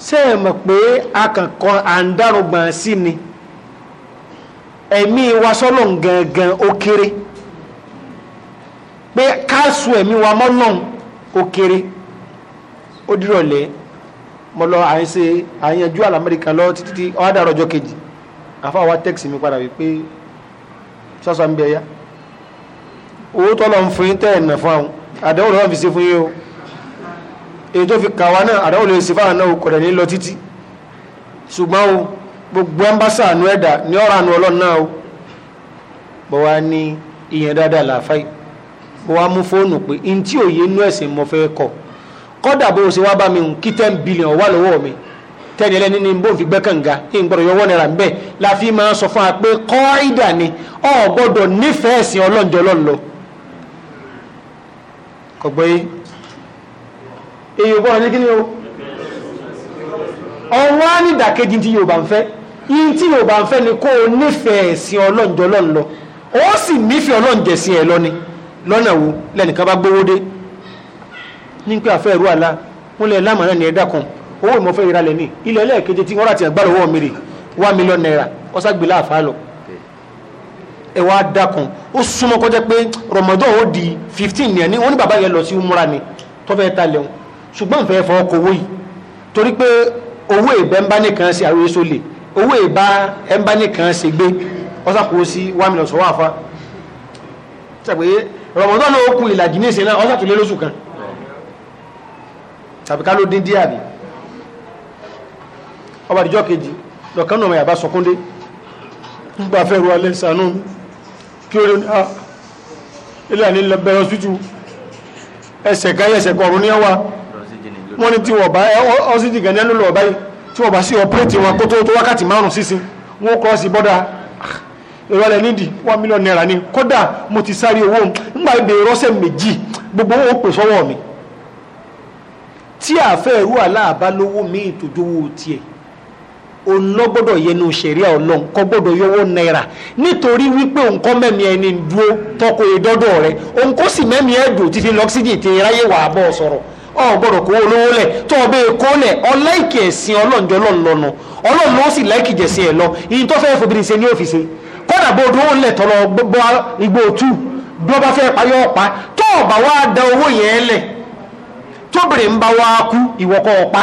ṣé ẹ mọ̀ pé akànkan àǹdárùngbọ̀n sí ni ẹ̀mí wa sọ́lọ̀ gangan ó kéré pé káàsù ẹ̀mí wa mọ́nà ó kéré ó dírọ̀lẹ́ mo lọ à ń ṣe àyànjú àlàmẹ́ríkà lọ títí tí ọ̀hádà ọjọ́ kejì àfa wa tẹ́kìsì mi padà wípé sọ́sọ́ ń bẹ ya owó tọ́lọ̀ ń fún yín tẹ́ ẹ̀nà fún àwọn àdáwò lọ́wọ́ fi ṣe fún yí o èyí tó fi kàwá náà àdáwò lè ṣe fáwọn náà kọ̀dẹ̀ ní lọ títí ṣùgbọ́n o gbogbo ẹmbásà àánú ẹ̀dà ní ọ̀rọ̀ àánú ọlọ́run náà o bọ́ wá ìyẹn dáadáa làáfáì bọ́ wá mú fóònù pé n tí òye inú ẹ̀sìn mo fẹ́ kọ̀ billion wà lọ́wọ́ mi tẹ́ni ẹlẹ́ni ní bó ń fi gbẹ́kànga ní gbọ́dọ̀ yọwọ́ náírà ń bẹ́ẹ̀ kọ́ kọ̀gbọ́ yìí èyí ò bọ́ra ní kíni o ọwọ́ á ní ìdàkejì tí Yorùbá ń fẹ́ yìí tí Yorùbá ń fẹ́ ni kó o nífẹ̀ẹ́ sí ọlọ́njọ́ lọ́nlọ́ ó sì nífẹ̀ẹ́ ọlọ́njẹ́ sí ẹ lọ́ni lọ́nà wo lẹ́nìkan bá gbówó dé ní pé àfẹ́ ìrú àlá wọn lè lámà náà ní ẹ̀dá kan owó ìmọ̀fẹ́ ìralẹ̀ ní ilẹ̀ ẹlẹ́ẹ̀keje tí wọ́n rà ti àgbàlọ́wọ́ mi rè one million naira ọ̀sàgbélà ẹ wá dákun ó súnmọ́ kọjá pé Ramadan ó di fifteen ní ẹni wọn ní bàbá yẹn lọ sí umra ni tó fẹ́ ta lẹ́hùn ṣùgbọ́n fẹ́ fọ́ ọkọ̀ owó yìí torí pé owó ìbá ń bá nìkan ṣe àròyé sólè owó ìbá ń bá nìkan ṣe gbé ọ̀sà kò sí one million sọ̀wọ́ àfa ṣàpè Ramadan náà ó kú ìlàjì ní ìsìn náà ọ̀sà tó lé lóṣù kan tàbí ká ló dín díẹ̀ àbí ọba àdìjọ́ kejì lọ́kàn náà yàbá sọkúndé nígbà fẹ́ ru alẹ́ sànú mi kí ó rí ní ah, ilé àní lọ́bẹ̀rẹ̀ ọ̀sútù ẹsẹ̀ káyẹ̀ ẹsẹ̀ kọ̀ọ̀rọ̀ ní ọwà wọ́n ní tí wọ́n bá ọ́síjì gẹ̀ẹ́ ló lọ́ọ̀ báyìí tí wọ́n bá sí ọ̀pẹ́rẹ́tì wọn kó tó tó wákàtí márùn sísin wọ́n kọ́ sí bọ́dà ah, ìrọ̀lẹ̀ nídìí one million naira ni kódà mo ti sáré owó ńgbà ibè rọ́ṣẹ̀ méjì gbogbo owó pè sọ́wọ́ mi tí àfẹ́ ìrú àláàbá lówó mi ìtòjówó tiẹ̀ ònà gbọdọ yẹnu n'usere ọlọ́run kò gbọ́dọ̀ yọwọ́ náírà nítorí wípé nǹkan mẹ́mí ẹni dúró tọkọ ìdọ́dọ̀ rẹ òun kò sì mẹ́mí ti fi lọ́ksídì ti ráyè wà á ọ gbọdọ kó olówó tó o bẹ́ẹ̀ kó lẹ̀ ọláìkì ẹ̀sìn ọlọ́njọ́ lọ́nlọ́nu ọlọ́run ló sì láìkì jẹ̀sìn ẹ̀ lọ ìyìn tó fẹ́ẹ́ fobìnrin ṣe ní kọ́dà bó da owó yẹn ń bá wá kú ìwọ́kọ̀ ọ̀pá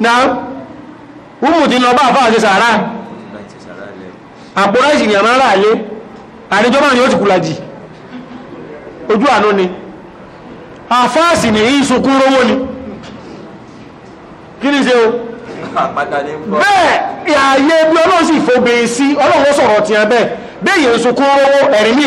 na wúmù ọba afọ bá àfáà ṣe sàárà àpò ráìsì ni àmàrà àlé àríjọba ni ó ti kùlàjì ojú àánú ni àfáàsì ni èyí sunkún rówó ni kí ṣe o bẹ́ẹ̀ ààyè bí ọlọ́run sì fòbìn sí sọrọ sọ̀rọ̀ tiẹ̀ bẹ́ẹ̀ bẹ́ẹ̀ yẹn sunkún rówó ẹ̀rí mí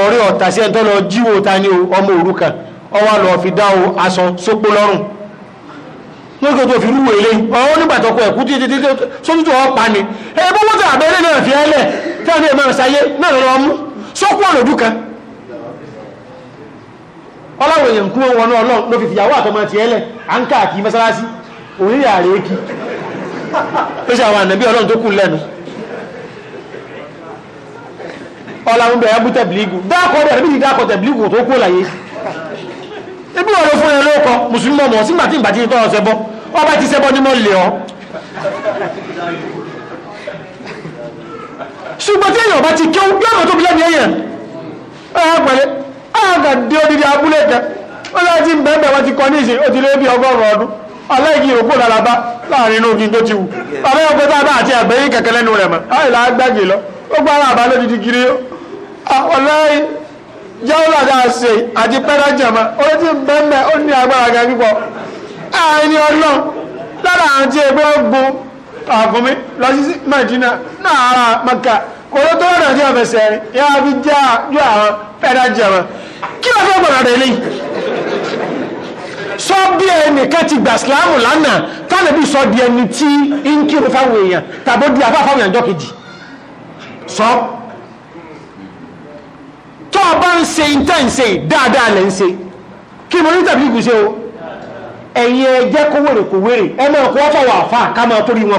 ọ̀rẹ́ ọ̀tà sí ẹ̀ntọ́ lọ jíwò ta ní ọmọ òrukàn ọwá lọ fi dá o aṣọ sópó lọ́rùn lókè tó fi rúwò ilé ọwọ́ nígbàtọ̀kọ̀ ẹ̀kú títí sójútó ọ̀pá ni ẹgbẹ́ wọ́n tà abẹ́rẹ́ náà fi ẹlẹ̀ tẹ́lẹ̀ máa ṣayé náà lọ mú sókó ọ̀lọ́dú kan ọlọ́wọ̀ èèyàn kú wọn ló fi fìyàwó àtọmọ ti ẹlẹ̀ à ń káàkiri òun ànàbí ọlọ́run tó kù lẹ́nu ọlàrun bẹ̀rẹ̀ bú tẹ̀blígù dákọ̀ bẹ̀rẹ̀ bí dákọ̀ tẹ̀blígù tó kó láyé ibi wọn ló fún ẹ lóko mùsùlùmí ọmọ sí màtí ìbàtí ní tọ́wọ́ sẹ́bọ́ ọba ti sẹ́bọ́ ní mọ́ lè ọ́ ṣùgbọ́n tí èèyàn bá ti kí yóò tó bilẹ̀ ní èèyàn ọ̀pẹ̀lẹ̀ àgbà dé odidi abúlé kẹ ó lọ́wọ́ ti bẹ̀rẹ̀ wọn ti kọ ní ìsìn ó ti lé bí ọgọ́rùn-ún ọdún aláìkí ìrókò lálàbá láàrin inú ogin tó ti wù àbẹ́yọ̀ pé bá àti àgbẹ̀yìn kẹ̀kẹ́ lẹ́nu rẹ̀ mọ́ àìlà agbájì lọ ó gbọ́ ara àbá lódidi kiri ọlọ́yìn jẹ́wọ́lá dáa ṣe àti pẹ́rẹ́ jẹ̀mọ́ ó ti bẹ́ẹ̀ ó ní agbára gan púpọ̀ àìní ọlọ́run lára àwọn tí ebi ọgbọ́n àfọmí lọ sí Mẹ́dínà náà ara Mẹ́kà kò ló tó rẹ̀ ní ọ̀fẹ̀sẹ̀ rẹ̀ yára fi já ju àwọn pẹ́rẹ́ jẹ̀mọ́ kí ló fẹ́ gbọ̀nà rẹ̀ lẹ́yìn sọ bí ẹnìkan ti gbà sílámù lánàá tálẹ́bí sọ di ẹni tí ń kírun fáwọn èèyàn tàbí ó di afáfáwọn èèyàn jọ kejì sọ. So, tó a bá ń ṣe ìtàn se dáadáa lẹ́ ń ṣe kí mo ní tàbí kù o ẹ̀yin ẹjẹ́ kó wèrè kò wèrè ẹ máa kó ọ̀fọ̀ wà fà ká máa wọn tí máa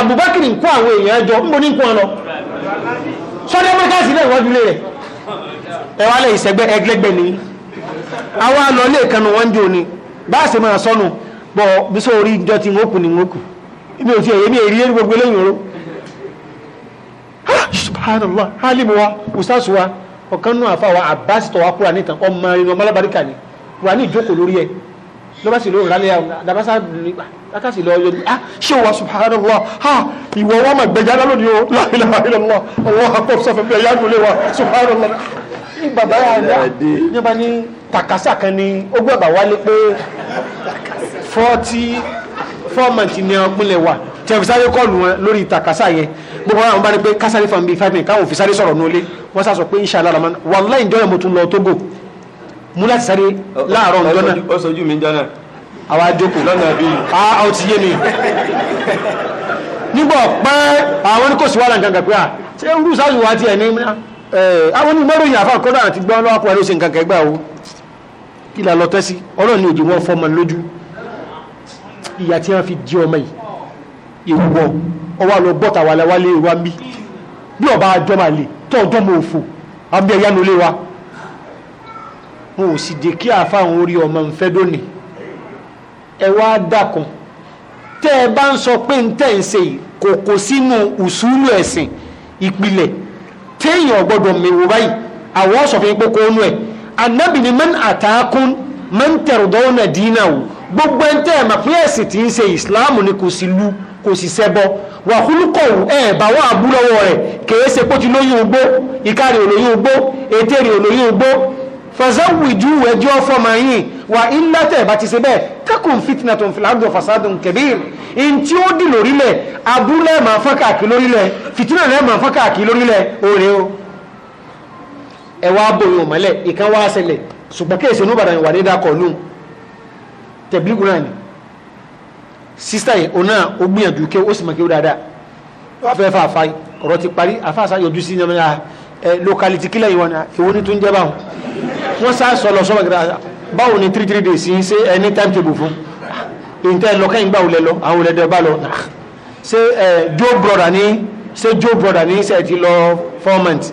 Abubakar ń kó àwọn èèyàn ń ní náà wọ́n dúlé ẹ wá kanu ni a máa sọnù bí ìjọ tí kù kù ibi òfin subhanallah alimu wa ustaasu wa ọ̀kan nù àfa wa abasi tọwa kura nítan ọmọ ẹni ọmọ alábàríkà ni wà ní ìjókòó lórí ẹ lọ́ba sì lóhùn lálẹ́ àwọn àdàbàsá ah, látàsí lọ yọ ah ṣé wa subhanallah ha ìwọ wa ma gbẹjà lálọ́ ni o la ilaha illallah Allahu akbar sọfẹ̀ bí ẹ̀yà gbọ́lé wa subhanallah ní bàbá àdá ní ọba ní takasa kan ni ó gbàgbà wálé pé fọ́ọ̀tì fọ́ọ̀mù ti ní ọgbìnlẹ̀ wa tẹ̀síṣáyé kọ́ọ̀lù wọn lórí takasa yẹn gbogbo àwọn bá ní pé kásáré fan bíi five minutes káwọn fi sáré sọ̀rọ̀ nulẹ̀ wọ́n sá sọ pé inshallah ramana wàláhì ìjọ yẹn mo tún lọ Togo mú láti sáré láàárọ̀ ọjọ́ náà. ó sojú mi jọ àwa jókòó lọ́nà bíi. a ò ti yé mi. nígbà pẹ́ àwọn ní kò sí wàhálà nǹkan kan pé à ṣé irú sáàsù wa tiẹ̀ ní àwọn onímọ̀ ròyìn àfa kọ́dà àti gbọ́n lọ́wọ́ pẹ̀lú ṣe nǹkan kẹgbẹ́ o kí la lọ tẹ́sí ọlọ́ọ̀ni òjò wọn fọmọ lójú ìyà tí wọ́n fi jí ọmọ yìí ìwọ ọwọ́ àlọ́ bọ́ta wà láwálé wa mí bí ọba àjọmọ̀ àlè tó ọjọ́ mọ̀ òfò àbí ẹ̀yà nulẹ̀ wa mo ò sì dé kí àfáwọn orí ọmọ nfẹ́ dónìí ẹ wá dàkún tẹ́ ẹ bá ń sọ pé ń tẹ̀ ń ṣe kòkó sínú ùsùlù ẹ̀sìn ìpìlẹ̀ téèyàn gbọ́dọ̀ mèwò báyìí àwọn ọ̀sọ̀ fún ipò kóónú ẹ̀ anábì ni àtàkùn man tẹ̀rọ̀dọ́wọ́nà dínà o gbogbo ẹ̀ ń tẹ́ ẹ̀ mà pín ẹ̀sìn tí ń ṣe ìsìláàmù ni kò sí lu kò sì sẹ́bọ wàhúlùkọ̀wù ẹ̀ bá wà bú lọ́wọ́ rẹ̀ kèé ṣe pó ti lóyún ogbó ìkárì olóyún ogbó ètè rè olóyún ogbó fọ̀sẹ́wìjú ẹjọ́ fọmọ yìí wà ilẹ̀tẹ̀ bá ti ṣe bẹ́ẹ̀ takùn fitna tó ń fi láàrúdọ̀ fasadùn kẹbíir in tí ó dì lórílẹ̀ abúlé máa fọ́n káàkiri lórílẹ̀ fìtínà náà máa fọ́n káàkiri lórílẹ̀ òrè o ẹ wá bòyìn òmọ́lẹ̀ ìkan wá ṣẹlẹ̀ ṣùgbọ́n kéèṣe ní ìwà dédá kọ̀ lóhùn tẹ̀blígùn ni sísítà ona òun náà ó gbìyànjú kí ó sì mọ̀ kí ó dáadáa wọ́n fẹ́ fà fà ọ̀rọ̀ ti parí sa yọjú sí ẹ̀mí ẹ̀ lókàlìtì kílẹ̀ yìí wọn ìwọ ni tó ń jẹ́ báwọn wọ́n sá sọ̀lọ̀ sọ́mọ̀ gíga báwo ni three three days yìí ṣe ẹni time table fún ìǹtẹ́ lọ kẹ́yìn gbà wọlé lọ àwọn olè dẹ́ bá lọ ṣe joe brother ni ṣe joe brother ní ṣe ti lọ four months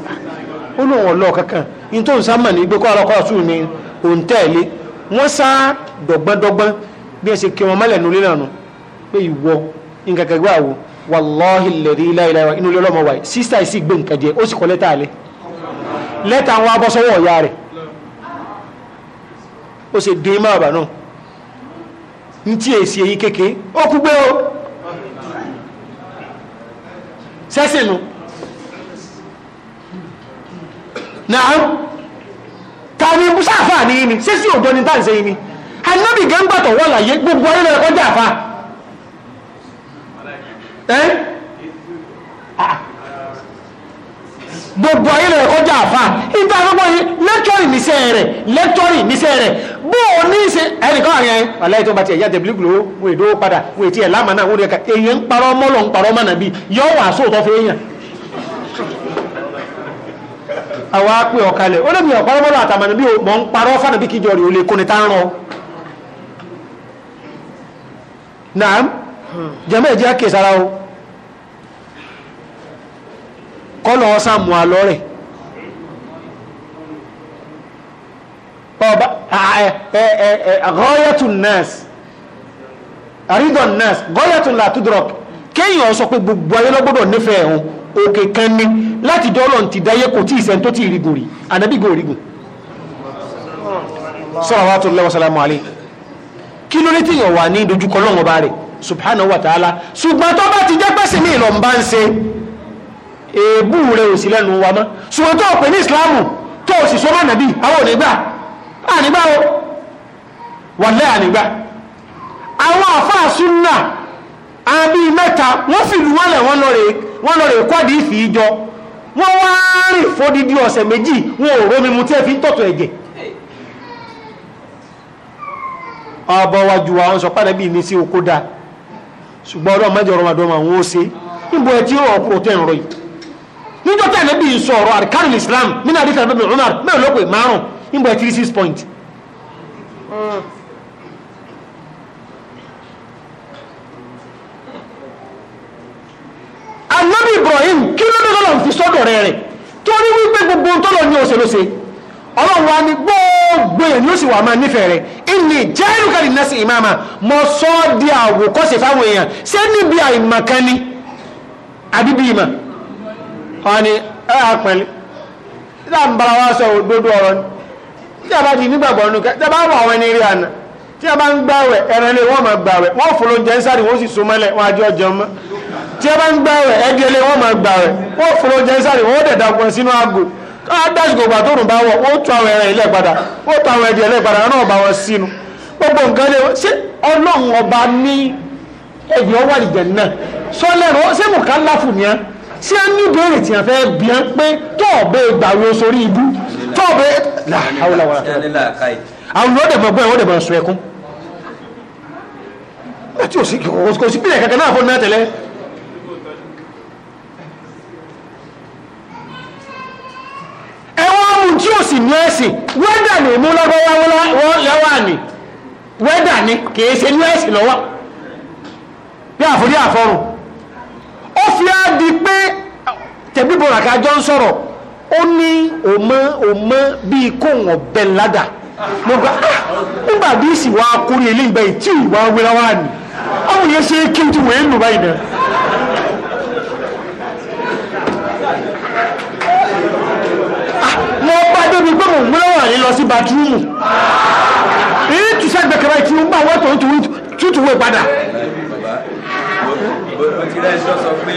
ó lóun ọ̀lọ́ kankan ní tó ń sá mọ̀ ní gbé kọ́ ọlọ́kọ́ ọ̀ṣun ni òǹtẹ̀ẹ̀lé wọ́n sá dọ̀gbọ́ndọ̀gbọ́n bí ẹ ṣe kí wọn mọ́lẹ̀ nulẹ̀ náà nù pé ìwọ nǹkan kẹgbẹ́ àwò wàláhì lẹ́rí láìláì wa inú lọ́lọ́mọ wáyé sísá ìsì gbé nǹkan jẹ ó sì kọ lẹ́tà alẹ́ lẹ́tà àwọn abọ́sọ́wọ́ ọ̀yá rẹ̀ ó sì dín máa bà náà ní tí èsì èyí kéke ó kú gbé o sẹ́sìnù náà ta ni musa àfáà ní yìí ni sẹ́sì òdò ni táǹsẹ̀ yìí ni anábìgẹ́ ń gbàtọ̀ wọ́n láyé gbogbo ayélujára kọjá àfáà ẹ́ eh? gbogbo ayé rẹ̀ kọjá àfà ìta àkọ́kọ́ yìí lẹ́tọ́rì níṣẹ́ rẹ̀ lẹ́tọ́rì níṣẹ́ rẹ̀ bó o ní ṣe ẹnìkan àrẹ aláì tó bá ti ẹ̀yà tẹ̀bílì gbòó wọ́n èdè ó padà wọ́n ètí ẹ̀ lámà náà wọ́n rẹ̀ èyí ń parọ́ mọ́lọ̀ ń parọ́ mọ́nà bí yọ wà sóòtọ́ fẹ́ yàn. àwa pé ọ̀kalẹ̀ ó lẹ́mi ọ̀parọ́ mọ́lọ̀ àtàmàna bí mọ̀ ń parọ́ fánàbí jẹ́mọ́ ìjẹ́ kèsára o kọ́lọ̀ ọ́sà mú a lọ́rẹ̀ ọba gọ́yẹ̀tù nurse àrídọ̀n nurse gọ́yẹ̀tù látúdọ̀rọ̀kì kéèyàn sọ pé gbogbo ayé lọ́gbọ́dọ̀ nífẹ̀ẹ́ ẹ̀hún òkè kan ní láti dọ́lọ̀ ti dáyé kò tí ìsẹ́n tó ti ìrìgùn rí ànábìgò ìrìgùn sọ́rọ̀ wa tó lẹ́wọ́ alẹ́ kí ló lé tí yàn wà ní dojúkọ lọ́wọ́ bá rẹ̀ subhanahu wa ta'ala ṣùgbọ́n tó bá ti jẹ́ pẹ́sì ní ìlọ̀ bá ń ṣe èébù rẹ̀ ò sí lẹ́nu wa mọ́ ṣùgbọ́n tó pè ní ìsìláàmù tó sì sọ́mọ́ nàbí àwọn onígbà ànígbà o wàlẹ́ ànígbà àwọn àfáà súnà àbí mẹ́ta wọ́n fi lù wọ́lẹ̀ wọ́n lọ rè kọ́dí ìfì ìjọ wọ́n wá rìn fódídí ọ̀sẹ̀ méjì wọn ò rómi mu tí ẹ fi ń tọ̀tọ̀ ẹ̀jẹ̀ ọbọ̀ wájú àwọn sọpá nàbí ní sí okó dáa ṣùgbọ́n ọlọ́run mẹ́jọ ọ̀rọ̀mọdọ́mọ àwọn ó ṣe níbo ẹ tí ó ọkùnrin tẹ́ ń rọ yìí níjọ́ tí ànábì ń sọ ọ̀rọ̀ àríkàrìn Islam nínú àdìsí ànábì Umar mẹ́rin ló pè márùn níbo ẹ tí six point. ànábì Ibrahim kí ló dé lọ́lọ́ fi sọ́dọ̀ rẹ̀ rẹ̀ torí wípé gbogbo ohun tọ́lọ́ ní ọ̀sẹ̀ ló ọlọ́run wa ni gbọ́ọ́ gbogbo èèyàn ni ó sì wà máa nífẹ̀ẹ́ rẹ̀ ìní jẹ́rù náà sí ìmáàmà mọ sọ ọ́ di àwòkọ́ṣe fáwọn èèyàn ṣé níbi àìmọ̀kan ni ìmọ̀ wọn ni ẹ á sọ òdodo ọ̀rọ̀ ni tí a bá di nígbàgbọ́ nù ká tí a bá wọ àwọn ẹni rí àná tí a bá ń gbàwẹ̀ ẹran lé wọ́n máa gbàwẹ̀ wọ́n fòló jẹ́ ń sáré wọ́n sì so mọ́lẹ̀ wọ́n àjọ jẹun mọ́ tí a bá ń gbàwẹ̀ ẹ̀dí ẹlé wọ́n máa gbàwẹ̀ wọ́n fòló jẹ́ ń sáré wọ́n dẹ̀dà ọkùnrin sínú àgò adájúgbò gbà tó rùn bá wọ̀ ó tún àwọn ẹran ilẹ̀ padà ó tún àwọn ẹdí náà bá wọn sínú gbogbo nǹkan lè ọba ní ọwọ́ náà sọlẹ́rọ ṣé ká láfù ni ṣé ẹ ní ìbéèrè tí fẹ́ bí pé tọ́ọ̀bẹ gbàwé sórí ibú tọ́ọ̀bẹ tí ó sì ní ẹ̀sìn wẹ́dà ní mú lọ́gbọ́wọ́ lọ́wọ́ ní wẹ́dà ní kìí ṣe ní ẹ̀sìn lọ́wọ́ bí àforí àfọrùn ó fi á di pé tẹ̀bíbò ràkájọ́ ń sọ̀rọ̀ ó ní òmọ́ òmọ́ bíi kóhùn ọ̀bẹ ládà mo gba ah, bí ìsì wa kúrò ilé ìgbà yìí tí ìwà wíra ní àwọn yẹn ṣe kí n ti wèé lù báyìí náà débi pé mò ń múlẹ̀ wà ní lọ sí bàtúrúmù èyí tù sẹ́gbẹ̀ kẹrẹ tí ń bá wọ́n tó ń tútù wé padà. òtítẹ́ sọ sọ pé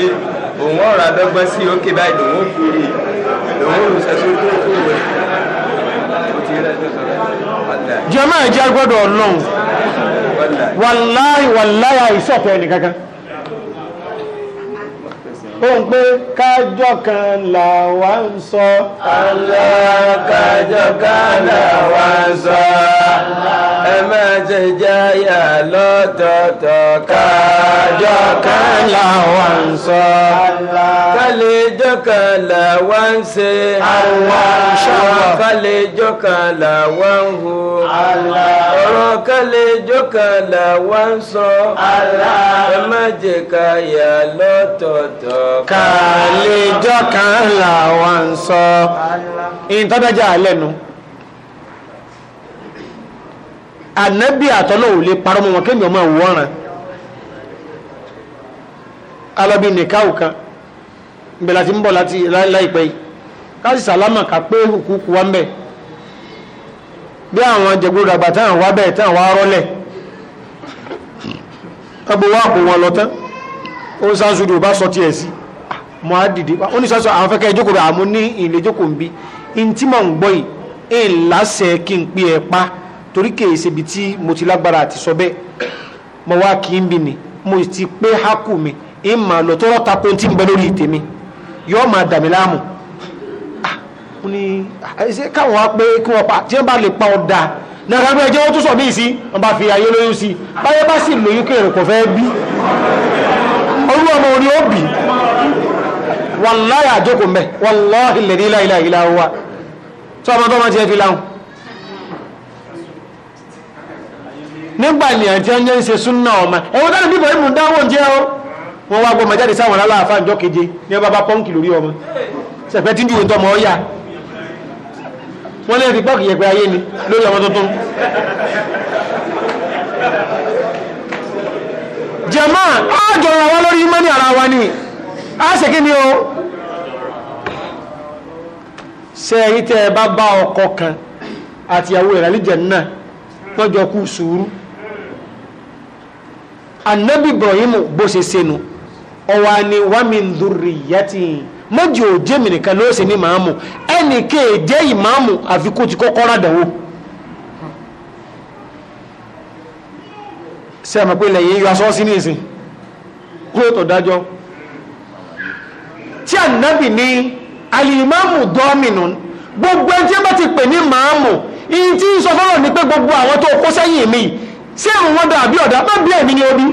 òun ọ̀rọ̀ adọ́gbọ́n sí òkè báyìí lòun ò kúrè lòun ò sọ sí òkè òkúrè jàmáà ìjà gbọ́dọ̀ Ọlọ́run wàláì wàláì àìsàn ọ̀tọ̀ ẹnì kankan ohun pé kájọ kan là wá ń sọ. Allah kájọ kan là wá ń sọ. ẹ má ṣe jáyà lọ́tọ̀ọ̀tọ̀ kájọ kan là wá ń sọ. kálíjọ kan là wá ń ṣe. kálíjọ kan là wá ń hu. ọ̀rọ̀ kálíjọ kan là wá ń sọ. ẹ má jẹ ká lọ́tọ̀ọ̀tọ̀. kàlejọ́ kan làwọn ń sọ ìtọ́dájà lẹ́nu lè parọ́ mọ́ wọn kéèyàn máa wọ́ran alọ́bí nìkáwù kan ìbẹ̀ láti ń bọ̀ láti láìpẹ́ káàsì sàlámà ká pé hùkúkú wa ń bẹ̀ bí àwọn jẹgbódò àgbà táwọn wá bẹ̀ táwọn wá rọ́lẹ̀ ọgbọ̀ wá wọn lọ tán ó ń sáà bá sọ mọ́ á dìde ó ni sọ́sọ́ àwọn fẹ́kẹ́ ìjókòó àmú ní ń bí in tí ń gbọ́ yìí in láṣẹ kí n pè pa torí sebi tí mo ti lágbára àti sọ bẹ́ẹ̀ mo wá kí n bí ni mo ti pé hákù mi in mà lọ tọrọ tako tí n bẹ lórí tèmi yóò máa dà mí láàmú ah, ní ah, ṣé káwọn wá pé pa tí bá lè pa wallahi àjókò mẹ́ wallahi lè nílá ilá ilá wa tó ọmọ tó wọ́n ti ẹ fi láhùn nígbà ní àti ẹni ń ṣe súnà ọmọ ẹwọ́n tánà bíbọ̀ ìmú dáwọ́ jẹ́ ọ wọ́n wá gbọmọ jáde sáwọn aláàfáà ìjọ keje ní ọba bá pọ́ǹkì lórí ọmọ sẹ̀fẹ́ tí ń júwe tọmọ ọyà wọ́n lè rí pọ́ọ̀kì yẹpẹ ayé ni lórí ọmọ tuntun jẹ̀mọ́ àjọyọ̀ wa lórí mọ́ni ara wa ni a ṣe kí ni o sẹ́ẹ̀rí tẹ́ ẹ ba bá ọkọ kan àtìyàwó ìrànlẹ́jẹ̀ náà lọ́jọ́ ku sùúrù anabi ibrahim bó ṣe senu ọwọ́ ni wàmín o je mọ́jì ò jẹ́ mìnìkan ló ṣe ní màámu ẹnì kéè jẹ́ ìmáàmù àfikún ti kọ́kọ́ rádàwó sẹ́ẹ̀mọ̀ pé ilẹ̀ yìí yọ aṣọ sí ní ìsìn kúrò tó dájọ́ tí alìmọ́mù dọ́mìnù gbogbo ẹni bá ti pè ní màámù ìyí tí ń sọ gbogbo àwọn tó kó sẹ́yìn mi sí ẹ̀rùn wọn dàbí ọ̀dá bá bí ẹ̀mí ni obi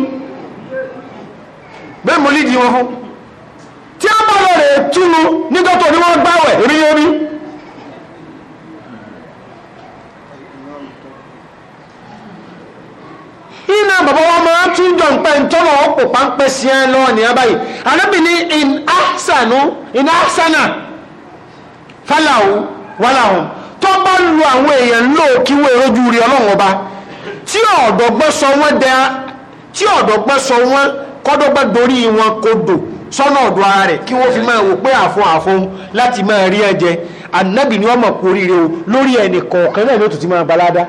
bẹ́ẹ̀ mo lídìí wọn fún tí a bá lọ rẹ̀ nígbàtọ̀ ni wọ́n gbáwẹ̀ èmi ni iná bàbá wọn máa tún fáláwù wàláhùn tó bá lu àwọn èèyàn lò kí wọ́n erójú rí ọlọ́run ọba tí ọ̀dọ́gbọ́n sọ wọ́n dẹ tí ọ̀dọ́gbọ́n sọ wọ́n kọ́dọ́gbọ́n dorí wọn kodò sọ́nà ọ̀dọ̀ ara rẹ̀ kí wọ́n fi máa wò pé àfún àfún láti máa rí ẹ̀jẹ̀ ànábì ni wọ́n mọ̀ kú oríire o lórí ẹnì kọ̀ọ̀kan náà ló tún ti máa balada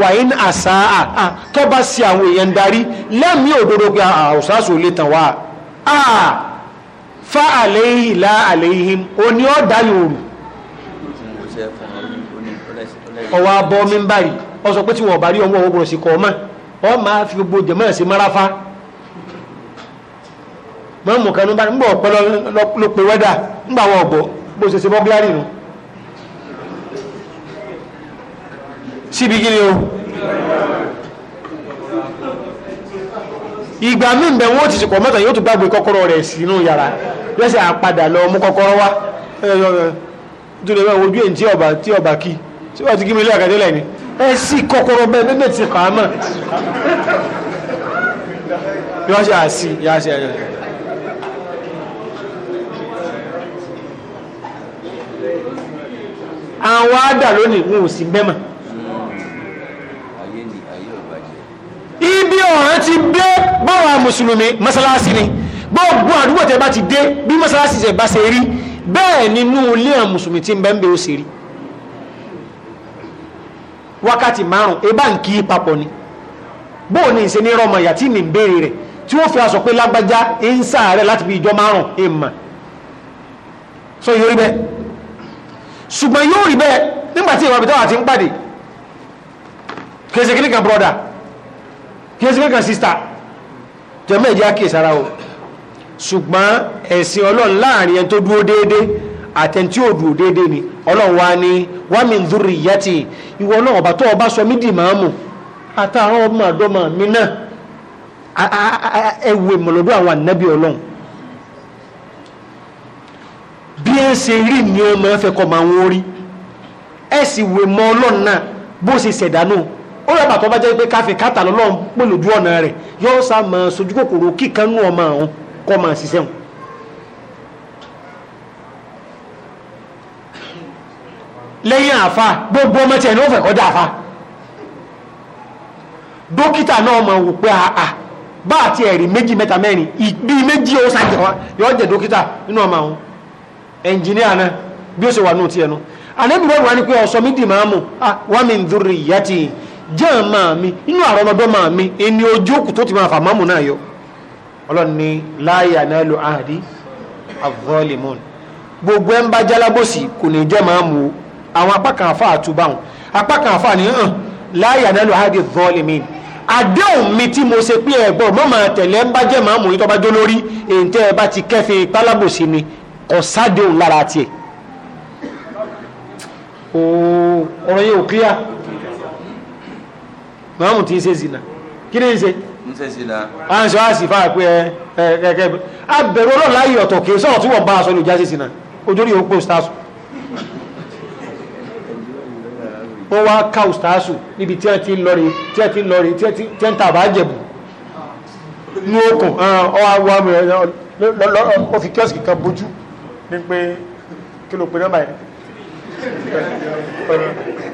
wàyín àṣà àà tó bá sí àwọn èèyàn darí lẹ́mìí òdodo pé àwòsàsò lè tàn wá àà fa àléhì lá àléhìm oní ọ yòòrù ọwọ́ abọ́ mímbà yìí ọ sọ pé tí wọ́n bá rí ọwọ́ ogun ọ máa fi gbogbo jẹ̀mọ́ sí marafa mọ́ mú kanú bá nígbà ọ̀pẹ́ pe wẹ́dà nígbà wọn ọ̀gbọ́ bó ṣe ṣe bọ́gílárì nù síbi gíní o ìgbà bẹ̀ wọ́n ti yẹ́sẹ̀ àpadà lọ mú kọ́kọ́rọ́ wá nítorí ẹ̀rọ ojú èyí tí ọba tí ọba kí tí wọ́n ti kí mi lé àkàtẹ́ lẹ́ni ẹ sì kọ́kọ́rọ́ bẹ́ẹ̀ bẹ́ẹ̀ ti kàn án mọ̀ yọ ṣe àṣì yà ṣe àṣì. àwọn àdà lónìí wọn ò sí bẹ́mà ibi ọ̀ràn ti dé báwa gbogbo àdúgbò tẹ bá ti dé bí mọ́sálásí tẹ bá ṣe rí bẹ́ẹ̀ nínú ilé àwọn mùsùlùmí tí ń bẹ́ ń bẹ́ ó ṣe rí wákàtí márùn ebá ń kí papọ̀ ni bóò ní ìṣe ní rọmọ ìyá tí mi ń béèrè rẹ̀ tí wọ́n fi aṣọ pé lágbájá ń sáàárẹ̀ láti bí ìjọ márùn ìmọ̀ so yóò rí bẹ́ẹ̀ ṣùgbọ́n yóò rí bẹ́ẹ̀ nígbàtí ìwà bìtọ́wà ti ń pàdé kìí ṣe kíníkan sister jẹ́mọ́ ìdí àkíyèsára o ṣùgbọ́n ẹ̀sìn ọlọ́run láàrin ẹni tó dúró déédé àtẹni tí ò dúró déédé ni ọlọ́run wa ni wa min dhurriyyati ìwọ náà ọba tó ọba sọ mí dì máa mù àtàwọn ọmọ àdọ́mọ mi náà ẹwẹ mọ̀lọ́dọ́ àwọn ànábì ọlọ́run bí ẹ ṣe rí ni ọmọ ẹ fẹ́ kọ́ máa wọ́n rí ẹ sì wè mọ ọlọ́run náà bó ṣe ṣẹ̀dá náà ó rẹ̀ bàtọ́ bá jẹ́ pé káfíńkátà lọ́lọ́run pẹ̀lú ojú ọ̀nà rẹ̀ yóò kọ́ máa ṣiṣẹ́ wọn. lẹ́yìn àfa gbogbo ọmọ tiẹ̀ ní ó fẹ́ kọ́ dá àfa dókítà náà mọ̀ wò pé àà ah, ah, bá àti ẹ̀rí méjì mẹ́ta mẹ́rin bí méjì ó sàn jẹ̀wá yọ jẹ́ dókítà nínú ọmọ àwọn ẹnjìníà náà bí ó ṣe wà ní òtí ẹnu àlébí bọ́ọ̀lù wa ni pé ọ̀sọ́ mi dì máa mú wà mí ń dúró ìyá ti jẹ́ àmà mi inú àrọ́mọdọ́ máa mi ẹni ojú òkú tó ti máa fà máàmù náà yọ ọlọ́run ní láàyè ànáàlú ahadi avolimun gbogbo ẹ̀ ń bá jálábòsì kò ní jẹ́ máa mú àwọn apá kan àfa àtúbà wọn apá kan àfa ni hàn láàyè ànáàlú ahadi avolimun àdéhùn mi tí mo ṣe pé ẹ̀gbọ́n mọ́ tẹ̀lé ń jẹ́ máa mú yín jó lórí èyí tẹ́ ẹ bá ti kẹ́fìn pálábòsì ni ọ̀sádéhùn lára tiẹ̀ ọ̀rọ̀ yẹn ò kíyà màmú ti ń ṣe zina kí ni ń ṣe a ń sọ àṣì fáà pé ẹ kẹ́kẹ́ abẹ̀rù ọlọ́run láyé ọ̀tọ̀ kìí sọ̀rọ̀ tí wọ́n bá aṣọ ní ìjásí sí náà ojórí òpó stásù ó wá ká stásù níbi tí ẹ ti lọ́rí tí ẹ ti lọ́rí tí ẹ ń tàbá jẹ̀bù ní okùn ọwọ́ ó fi kíọ́sì kan bójú ní pé kí ló pe nọ́mbà yẹn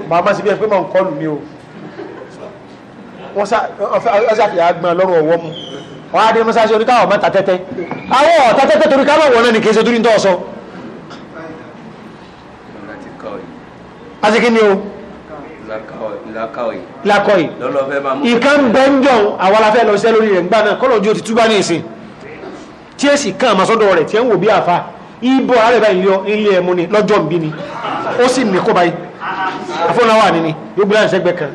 màá má sí bí ẹ pé mọ̀ ń kọlù ní o wọ́n sáfìyà gbọ́n lọ́rùn ọwọ́ mu wọ́n á dé mọ́sáṣẹ́ oníkà ọ̀mọ́ tàtẹ́tẹ́ àwọn ọ̀tà tẹ́tẹ́ torí ká lọ́wọ́ náà ní kí n ṣe torí tó ọ̀sọ́ asikini o lakọyi ìkan bẹ́ńjọ̀n àwọn aláfẹ́ lọ iṣẹ́ lórí rẹ̀ ńgbà náà kọ́lọ̀ ojú ti túbá ní ìsìn tí ẹ sì kàn àmàsọ́dọ̀ rẹ̀ tí ẹ ń wò bí àfa ibò ààrẹ báyìí yọ ilé ẹ̀mú ni lọ́jọ́ ń bí ni ó sì ní kó báyìí àfọ́nà wà ní ni yóò gbé láti sẹ́gbẹ̀ẹ́ kan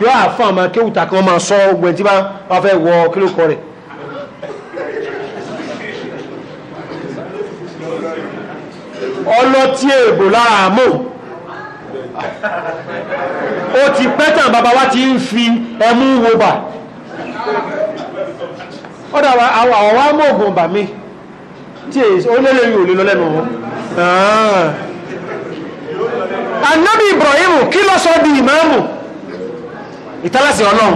yóò àfa àmà kéwùtà kan máa sọ ogun tí wọ́n fẹ́ wọ kílókọ rẹ̀ ọlọ́tí èbò lára àmó ó ti pẹ́tàn bàbá wa ti ń fi ẹmú wo bà ọ̀dà àwọn àwọn wa mọ̀ ògùn bà mí tí ó lé lẹ́yìn òlé lọ́lẹ́nu wọn Ànábì Ibrahim kí ló sọ di ìmáàmù ìtàlásì ọlọ́run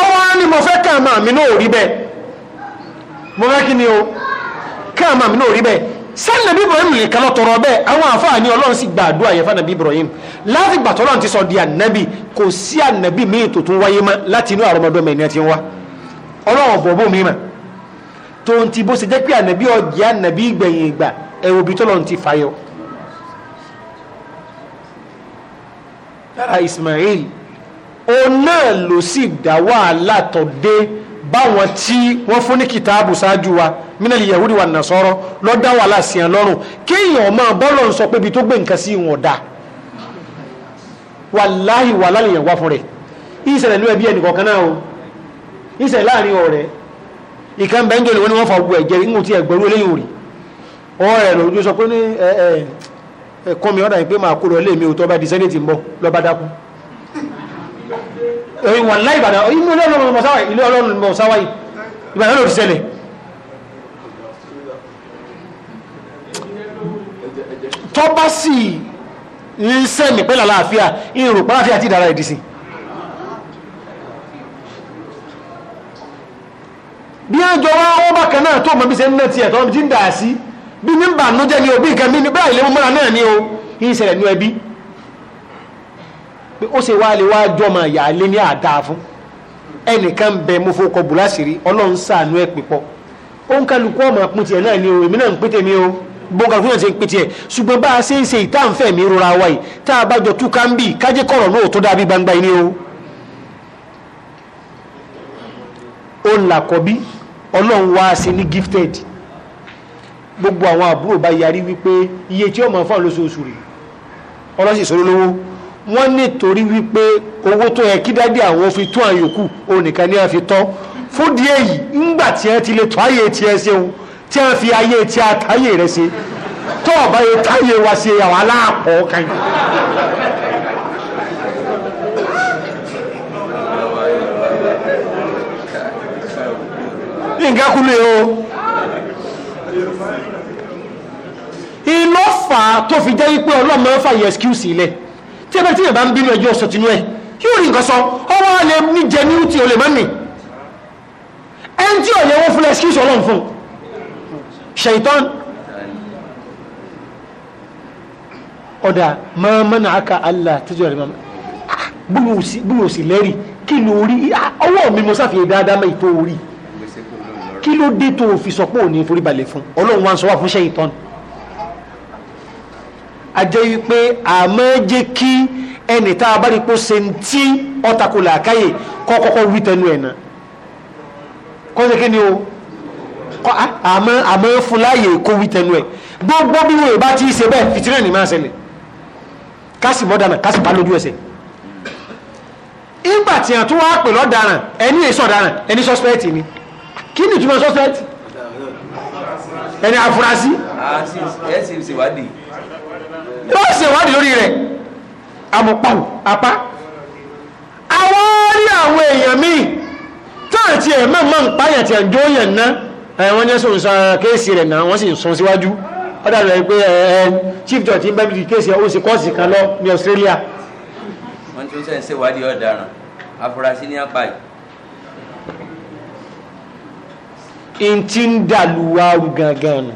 ọwọ́ ni mo fẹ́ káàmà mi náà rí bẹ́ẹ̀ mo fẹ́ kí ni o káàmà mi náà rí bẹ́ẹ̀ sẹ́nàbí ibrahim nìkan lọ tọrọ bẹ́ẹ̀ àwọn àfáàní ọlọ́run sì gba àdúrà yẹn fánàbí ibrahim láti gbà tọ́lọ́run ti sọ di ànábì kò sí ànábì míì tó tún wáyé mọ́ láti inú àrọ́mọdọ́ mẹ́ni ẹ ti ń wá ọlọ́run bọ̀ bó mi mà tó ń ti bó ṣe jẹ́ pé ànábì ọ̀jẹ̀ ànábì ìgbẹ̀yìn ìgbà ẹ̀wò bí tọ́lọ́run ti fàyọ òun náà ló sì dá wàhálà tó dé báwọn tí wọ́n fún ní kìtàbù ṣáájú wa mínàlì yahudi wà nàṣọ́rọ́ lọ dá wàhálà sí ẹ lọ́rùn kéèyàn máa bọ́lọ̀ ń sọ pé ibi tó gbé nǹkan sí wọn dá wàláhì wàhálà lèèyàn wá fún rẹ̀ ìṣẹ̀lẹ̀ ní ẹbí ẹnì kọ̀ọ̀kan náà o ìṣẹ̀lẹ̀ láàrin ọ̀rẹ́ ìkan bẹ́ńjọ ni wọ́n ní wọ́n fa gbogbo ẹ̀jẹ̀ nínú ti ẹgbẹ̀rú eléyìí òrì ọ̀rẹ́ lòdù sọ pé ní ẹ̀ẹ́kọ́ mi ọ̀dà yìí pé máa kó lọ ilé mi ò tọ́ bá di sẹ́nẹ̀tì ń bọ̀ lọ́ba dákú oyin wọn láì ìbàdàn inú ilé ọlọ́run mọ̀sáwà ilé ọlọ́run mọ̀sáwà ìbàdàn ló ti ṣẹlẹ̀ tọ́bá sì ń sẹ́mì pẹ́lá láàfíà ìrò pàláfíà ti dára ìdìsìn bí a jọ wá ọba kan náà tó mọ̀ bí sẹ́ ń náà tiẹ̀ tọ́ bí jí ń dà pé ó ṣe wá lè wá jọmọ ìyáálé ní àdáa fún ẹnìkan bẹ mo fọkọ sàánú ọmọ náà ni o èmi náà ń pín tèmi o bọ́ǹkà fún ẹ̀sẹ̀ ń pín tiẹ̀ ṣùgbọ́n bá a ṣe ń ṣe n' mi rora wa yìí tá a bá jọ tú ká ń bì kájẹ́ kọ̀rọ̀ náà tó gbangba yìí ni o. ó ń ọlọ́run wá ṣe wọ́n nítorí wípé owó tó yẹ kí dádì àwọn fi tún àyòkù onìkan ní a fi tọ́ fún díẹ̀ yìí ńgbà tí ẹ ti lè tọ́ ayé tí ẹ ṣeun tí a fi ayé tí a táyé rẹ ṣe tó ọba yẹ táyé wa ṣe àwọn aláàpọ̀ kan nǹkan kú lé o ìlọ́fà tó fi jẹ́ wípé ọlọ́mọ fàyè excuse ilẹ̀ tí ẹbẹ̀ tí yẹn bá ń bínú ẹjọ́ sọ tinú ẹ̀ kí ó rí nǹkan sọ ọwọ́ alẹ́ ní jẹ ní ti olè mọ́mì ẹn tí ọ̀yẹ́ wọ́n fúnlẹ̀ ṣíṣọ́ ọlọ́run fún ṣèitán ọ̀dà máa aka Allah tó jẹ́ ọ̀rẹ́ búrò sí lẹ́rì kí ló rí ah, ọwọ́ mi mo sáfihàn dáadáa mẹ́ ìtò orí kí ló dé tó fi sọ pé òní foríbalẹ̀ fún ọlọ́run wá ń sọ wá fún ṣèitán ajẹ́ wípé àmọ́ jẹ́ kí ẹnì tá a bá rí pé ó ṣe ń tí ọ̀tàkùn làákàyè kọ́kọ́kọ́ wí tẹnu ẹ̀ náà kó kí ni o àmọ́ àmọ́ fún láàyè kó wí tẹnu ẹ̀ gbogbo bí wọ́n bá ti ṣe bẹ́ẹ̀ fìtínà ní máa ṣẹlẹ̀ kásì mọ́dànà kásì bá lójú ẹsẹ̀ ìgbà tí a tún wá pè lọ́daràn ẹni èso ọ̀daràn ẹni sọ́spẹ́ẹ̀tì ni kí ni ìtumọ̀ sọ́spẹ́ẹ̀tì ẹni afurasí. ẹ ṣe yóò ṣe ìwádìí lórí rẹ̀ àmọ̀pàù apá àwọn rí àwọn èèyàn míì táàtì ẹ̀ mọ̀ mọ̀ ń pààyàn tí ẹ̀jọ́ yẹn ná àwọn ní ẹ̀sùn sọ kéèsì rẹ̀ náà wọ́n sì sọ síwájú ọ̀dà rẹ̀ pé chief judge ń bẹ́ẹ̀ bí kéèsì ó sì kọ́ọ̀sì kan lọ ní Australia. wọ́n tún sẹ́yìn ṣèwádìí ọ̀daràn afurasí ní apá yìí. n ti ń dàlúwa gangan nù.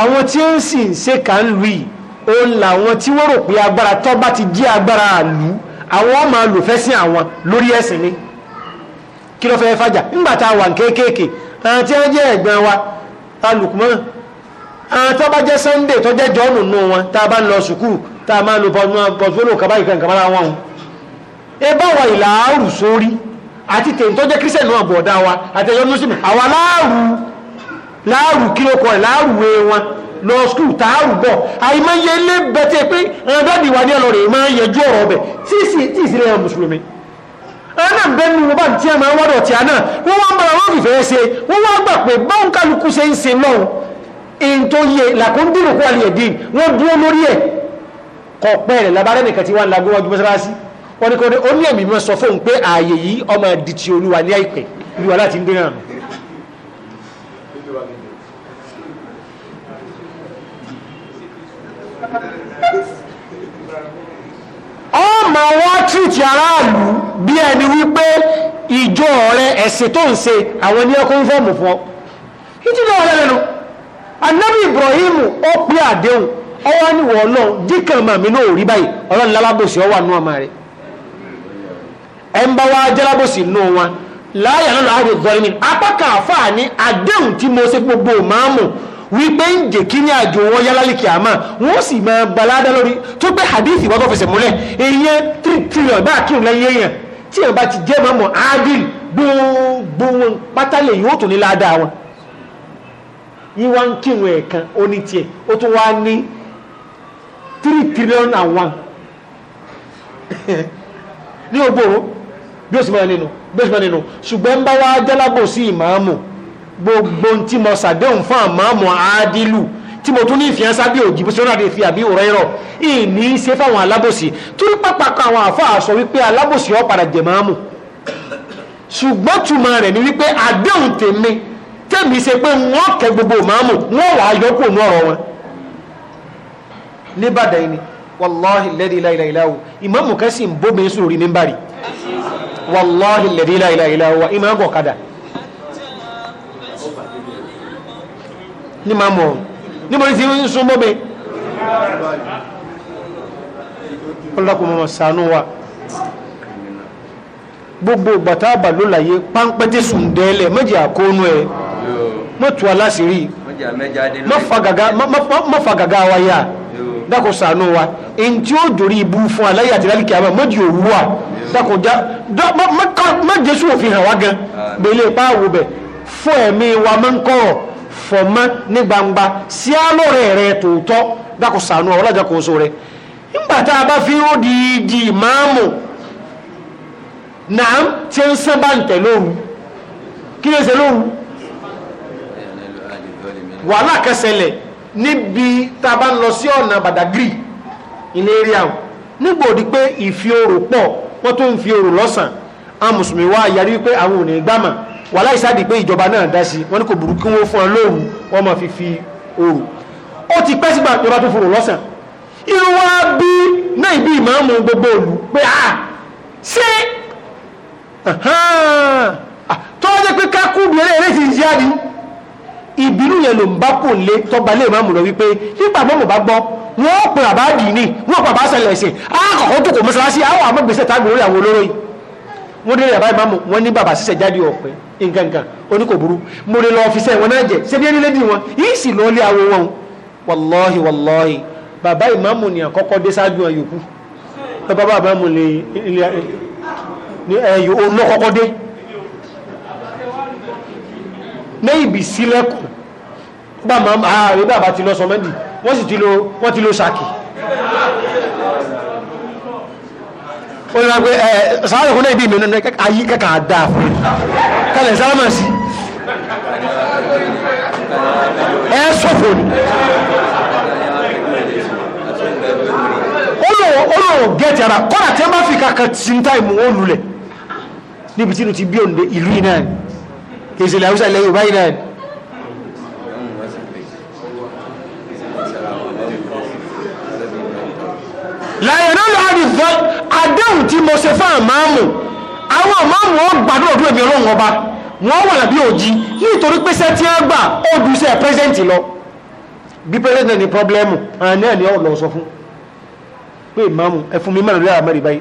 àwọn tí ń sìn ń lu yìí òun tí wọ́n rò pé agbára ti jí agbára àlù àwọn ọmọ lòfẹ́ sí àwọn lórí ẹ̀sìn ni kí ló fẹ́ fàjà nígbà tá a wà kéékèèké àwọn tí wọ́n jẹ́ ẹ̀gbọ́n wa alùpùpọ̀ àwọn tó bá jẹ́ Sunday tó jẹ́ jọ́ọ̀nù nù wọn tá a bá ń lọ sùkúù tá a máa lo pọtufólò wa ìlà àrùn sórí àti tèǹtọ́jẹ́ kírísẹ̀ náà wa láàrù kílókọ̀ ẹ̀ láàrùwé wọn lọ skul tààrù bọ̀ àìmọye lé bẹ̀tẹ̀ pé ẹ̀dọ́dì wà ní ọlọ́rẹ̀ máa yẹjú ọ̀rọ̀ ọbẹ̀ tí ìsìlẹ̀ ẹ̀ mùsùlùmí ẹ̀nà bẹ́nu wọn bá tí a máa wọ́dọ̀ tí a náà wọ́n wá ń bára wọn fìfẹ́ ṣe wọ́n wá gbà pé báwọn kálukú ṣe ń ṣe lọ́hùn èyí tó yẹ làkúndínlù kó alẹ́ dín wọ́n dúró lórí ẹ̀ ọmọ wá tìrìtì aráàlú bí ẹni wípé ìjọ rẹ ẹ̀sìn tó ń àwọn ní ẹkùn fọ́ọ̀mù fún ìtìlẹ̀ ọ̀rẹ́ lẹ́nu anábì Ibrahim ó pé àdéhùn ọwọ́ níwọ̀ màmí náà rí báyìí ọlọ́run lálábòsí ọwà nú ọmọ rẹ̀ ẹ ń bá wá jẹ́lábòsí nú wọn láàyè ní àdéhùn wípé ń jẹ́ kí ní àjò wọn yá lálẹ́kì àmà wọ́n sì máa balada lórí tó pé hadithi wọ́n tó fẹsẹ̀ múlẹ̀ èyí tírítíríọ̀ bá kí n lẹ́yìn èèyàn tí èèyàn bá ti jẹ́ mọ́mọ́ adil gbogbo wọn pátálẹ̀ yóò tó ní ládàá wọn yí wá ń kírun ẹ̀ẹ̀kan ó ní tiẹ̀ ó tún wá ní tírítíríọ̀ àwọn [laughs] ní ogbòrò bí ó sì máa nínú bí ó bá wá jálábò sí ìmáàmù gbogbo tí mo sàdéhùn fún àmọ́mọ́ àádìlù tí mo tún ní ìfìyànsá bí òjì bísí náà fi àbí òrẹ́ rọ̀ ìní ṣe fáwọn alábòsí torí pàpàkọ àwọn àfáà sọ wípé alábòsí ó padà jẹ̀ máa mù ṣùgbọ́n túmọ̀ rẹ̀ ni wípé àdéhùn tèmi tèmi ṣe pé wọ́n kẹ gbogbo màámù wọ́n wàá yọkù òun ọ̀rọ̀ wọn. níbàdàn yìí ni wàláhi lẹ́dí láìláì láwù ìmáàmù kan sì ń bómi sùn rí níbàrí wàláhi lẹ́dí láìláì láwù ìmáàmù kọ̀kadà ní máa mọ̀ níbo ní ti ń sún mọ́ mi ọlọ́kùn mọ̀ sànú wa gbogbo gbàtàbà ló láyé páńpẹ́tẹ́ sùn dẹ́lẹ̀ méjì àkóónú ẹ̀ mọ́ tu aláṣìírí mọ́ fagagá wa yá dákò sànú wa èyí tí ó dòrí ibú fún aláyé àti láríkì àmà méjì òwú wa dákò já má jésù òfin hàn wá gan gbélé pààwọ̀ bẹ̀ fún ẹ̀mí wa mọ́ ń kọ́rọ̀ fọ̀mọ́ ní gbangba sí alóòrẹ́ rẹ tòótọ́ dákò sànú kò so rẹ nígbà bá fi ró di di ìmáàmù náà tí ń sábà ń tẹ̀ lóru kí ló lóru wàhálà níbi tá a bá ń lọ sí ọ̀nà Badagry ilé rí àwọn nígbò pé ìfi pọ̀ wọ́n tó ń fi wàhálà ìsáàdì pé ìjọba náà dá sí wọ́n ní kò burú kí wọ́n fún ọ lóòrùn wọ́n máa fi fi òòrù ó ti pẹ́ sígbà ìjọba tó fòrò lọ́sàn irú wa bí náà ibi ìmáàmù gbogbo òlù pé à ṣé tó wá jẹ́ pé kákú bí eré ti ń ṣe àdí ìbínú yẹn ló ń bá kò lé tọ́ba lé ìmáàmù lọ wípé nípa mọ́mù bá gbọ́ wọ́n pè àbáàdì ní wọ́n pè àbáṣẹlẹ̀ ẹ̀sìn àkọ́kọ́ tó kò mọ́ṣáláṣí àwọn àmọ́gbèsè tágbèrè àwọn olóró yìí wọ́n dé ìyàbá ìmáàmù wọ́n ní bàbá ṣiṣẹ́ jáde ọ̀pẹ́ nkankan oníkòburú mo lè lọ ọfíìsẹ́ wọn náà jẹ ṣé bí ẹni lé dì wọn yìí sì lọ lé awo wọn wàlọ́ọ̀hì wàlọ́ọ̀hì bàbá ìmáàmù ni àkọ́kọ́ dé ṣáájú wọn yòókù bàbá bàbá mu ni ẹ̀yọ olókọ́kọ́ dé ní ibi sílẹ̀kùn bá máa ààrẹ bàbá ti lọ sọmẹ́dì wọ́n sì ti lọ ṣáàkì ó lọ́la pé ẹ sàárà kún náà ibi ìmọ̀ nínú ayé kẹkà dá kálẹ̀ sálámà sí ẹ sọ̀fọ̀ ni olóòwò gẹ̀ẹ́tì ara kọ́nà tí a máa fi kàkà tí ń táìmù ó lulẹ̀ níbi tí inú ti bí òǹde ìlú náà ìṣẹ̀lẹ̀ àwùsà ilẹ̀ Yorùbá náà láyé náà lọ́wọ́ àdéhùn tí mo ṣe fún àmáàmù àwọn àmáàmù ó gbàdúrà ọdún ẹ̀mí ọlọ́run ọba wọ́n wà lábí òjì nítorí pé sẹ́ tí wọ́n gbà ó ju iṣẹ́ pẹ́sẹ́ǹtì lọ bí pẹ́sẹ́ǹtì ní pọ́blẹ́mù àná ẹ̀ ní ọ̀ lọ sọ fún pé ìmáàmù ẹ fún mi mọ̀ lórí àmọ́ ìbáyìí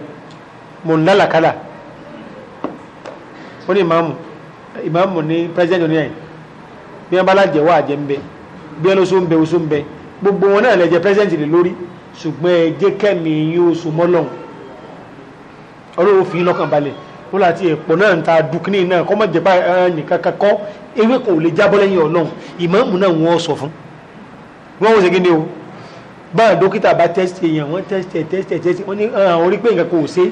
mo ń lálàkálà ó ní ìmáàmù ìmáàmù ní pẹ́sẹ́ǹtì oníyàn bí wọ́n bá lájẹ̀ wá àjẹ́ ń bẹ bí wọ́n ló ń bẹ oṣù ń bẹ gbogbo wọn náà lẹ́jẹ̀ pẹ́sẹ́ǹtì lè lórí ṣùgbọ́n ẹ jẹ́ kẹ́mi yín oṣù mọ́lọ́hùn ọlọ́run fi lọ́kàn balẹ̀ wọ́n láti ẹ̀pọ̀ náà ń ta dùkínì náà kọ́ mọ̀ jẹ́pá nìkan kakọ́ ewé kan ò lè jábọ́ lẹ́yìn ọlọ́run ìmáàmù náà wọ́n sọ fún wọ́n wọ́n ṣe kí ni o báyìí dókítà bá tẹ́sítì èèyàn wọ́n tẹ́sítì tẹ́sítì tẹ́sítì wọ́n ní àwọn orí pé nǹkan kò ṣe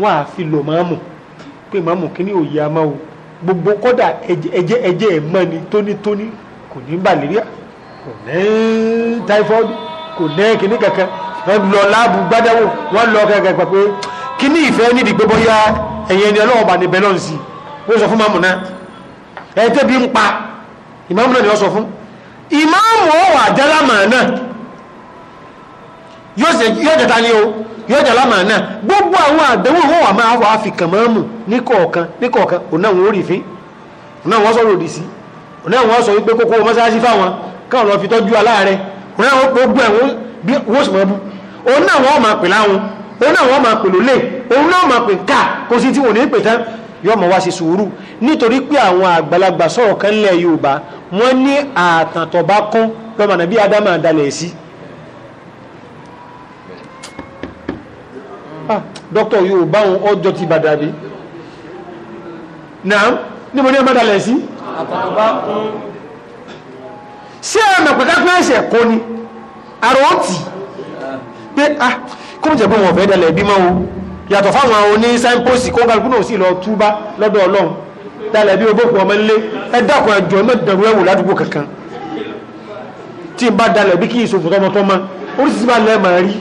wọ́n á fi lò máàmù pé máàmù kí ni òye àmọ́ o gbogbo kọ́dà ẹ̀jẹ̀ ẹ̀jẹ̀ ẹ̀ mọ́ ni tónítóní kò ní malaria kò ní typhoid Kini ní ìfẹ́ nídi pé bóyá ẹ̀yẹn ni ọlọ́wọ́ bá ní bẹ́lọ́n sí wọ́n sọ fún máàmù náà ẹ̀ tẹ́bi ń pa ìmáàmù náà ni wọ́n sọ fún ìmáàmù ó wà jálámà náà yóò jẹta ní o yóò jálámà náà gbogbo àwọn àdánwò wọn wà máa wà fi kàn máàmù ní kọ̀ọ̀kan ní kọ̀ọ̀kan òun náà wọ́n rí fín òun náà wọ́n sọ̀rọ̀ òdì sí òun náà wọ́n sọ wípé kókó mọ́sálásí fáwọn káwọn lọ fi tọ́jú aláàrẹ̀ òun náà wọ́n gbogbo ẹ̀ wọ́n wọ́n máa òun náà wọ́n máa pè lólè òun náà máa pè ká kò sí tí wọ́n ní pè tán yóò mọ̀ wá sí sùúrù nítorí pé àwọn àgbàlagbà sọ̀rọ̀ kan lẹ̀ yorùbá wọ́n ní àtàntọ̀ bá kún lọ́mọ nàbí adama dalẹ̀ sí. Ah, dókítà yorùbá òun ọjọ́ ti bàdà bí. náà níbo ni ẹ má dalẹ̀ sí. àtàntọ̀ bá kún. ṣé ẹ mọ̀ kó ń jẹ́ pé wọ́n fẹ́ dalẹ̀ bí mọ́ o yàtọ̀ fáwọn oní signpost kó kálukú náà sì lọ túbá lọ́dọ̀ ọlọ́run dalẹ̀ bí obókun ọmọ nílé ẹ dákun ẹjọ́ ẹ mẹ́dẹ̀rú ẹ̀wò ládùúgbò kankan tí n bá dalẹ̀ bí kí ìṣòfò tọmọtọmọ oríṣiríṣi bá lẹ́ẹ̀ máa rí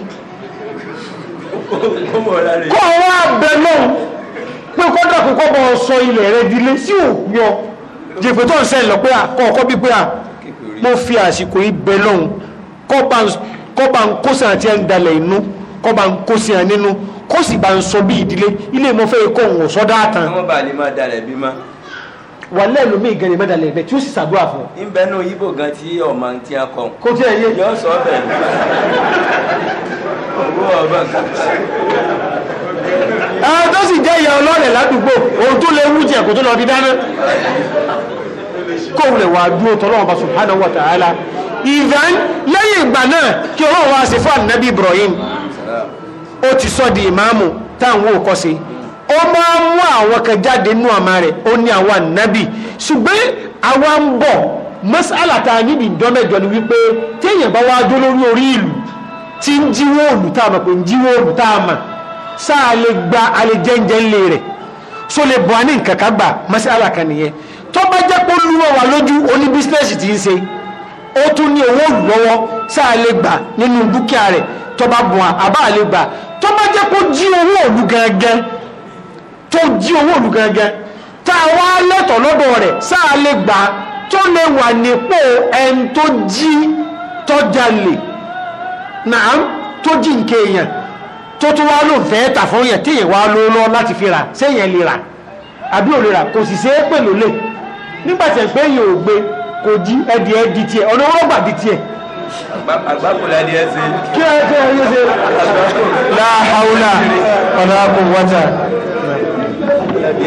kó wá bẹ lóhun pé kó dákun kó bọ̀ sọ ilẹ̀ rẹ dilé sí òkú ọ jèfè tó ń sẹ́ lọ pé àkọ́kọ́ bí pé à mo fi àsìkò yìí bẹ lóhun kó bá ń kó sàn àti ẹ̀ ń dalẹ̀ inú kọ́ bá ń kó sí hàn nínú kó sì bá ń sọ bí ìdílé ilé ìmọ̀fẹ́ ikọ̀ òun ọ̀sọ́ dáàtàn. wọ́n bá lè máa dalẹ̀ bí ma. wà lẹ́nu mi gan ni dalẹ̀ bẹ́ẹ̀ tí ó sì ṣàdúrà fún. ìbẹ́ nù ibo gan tí ọmọ ti ń kọ. kó tí ẹ yé. yọ sọ bẹ́ẹ̀ ni. owó ọba kan. àwọn tó sì jẹ́ ìyá ọlọ́rẹ̀ ládùúgbò òun tó lè wújẹ kó tó lọ bí dáná. kóun lè wà á dúró tọ́lọ́wọ́n subhanahu wa ta'ala ìdán lẹ́yìn ìgbà náà kí ọlọ́run wá Ibrahim ó ti sọ di ìmáàmù táwọn ò kọ́ sí ó máa awa mú àwọn kan jáde nínú àmà rẹ̀ ó ní àwọn ànábì ṣùgbọ́n àwa ń bọ̀ mọ́sálà tá a níbi ìdánmẹ́jọ ni wípé téèyàn bá wá dó lórí orí ìlú tí ń jíwó òlù tá a mọ̀ pé ń jíwó òlù tá a mọ̀ sáà lè gba alẹ́ jẹ́ńjẹ́ ńlẹ̀ rẹ̀ so lè bọ̀ ní nǹkan gbà mọ́sálà kan nìyẹn tó bá jẹ́ kó jí owó òlù gangan tó jí owó òlù gangan tá a wá lẹ́tọ̀ lọ́dọ̀ rẹ̀ sáà lè gbà tó lè wà nípò ẹni tó jí náà tó jí èèyàn tó wá ló fẹ́ tà fún yẹn téèyàn wá ló lọ láti fi rà séèyàn lè rà àbí ò lè rà kò sì ṣeé pè lólè nígbà tẹ̀ pé ò gbé kò jí ẹdì ẹdì tiẹ̀ ọ̀nà àgbákòlá ni ẹ ṣe. kí ẹ ṣe ẹ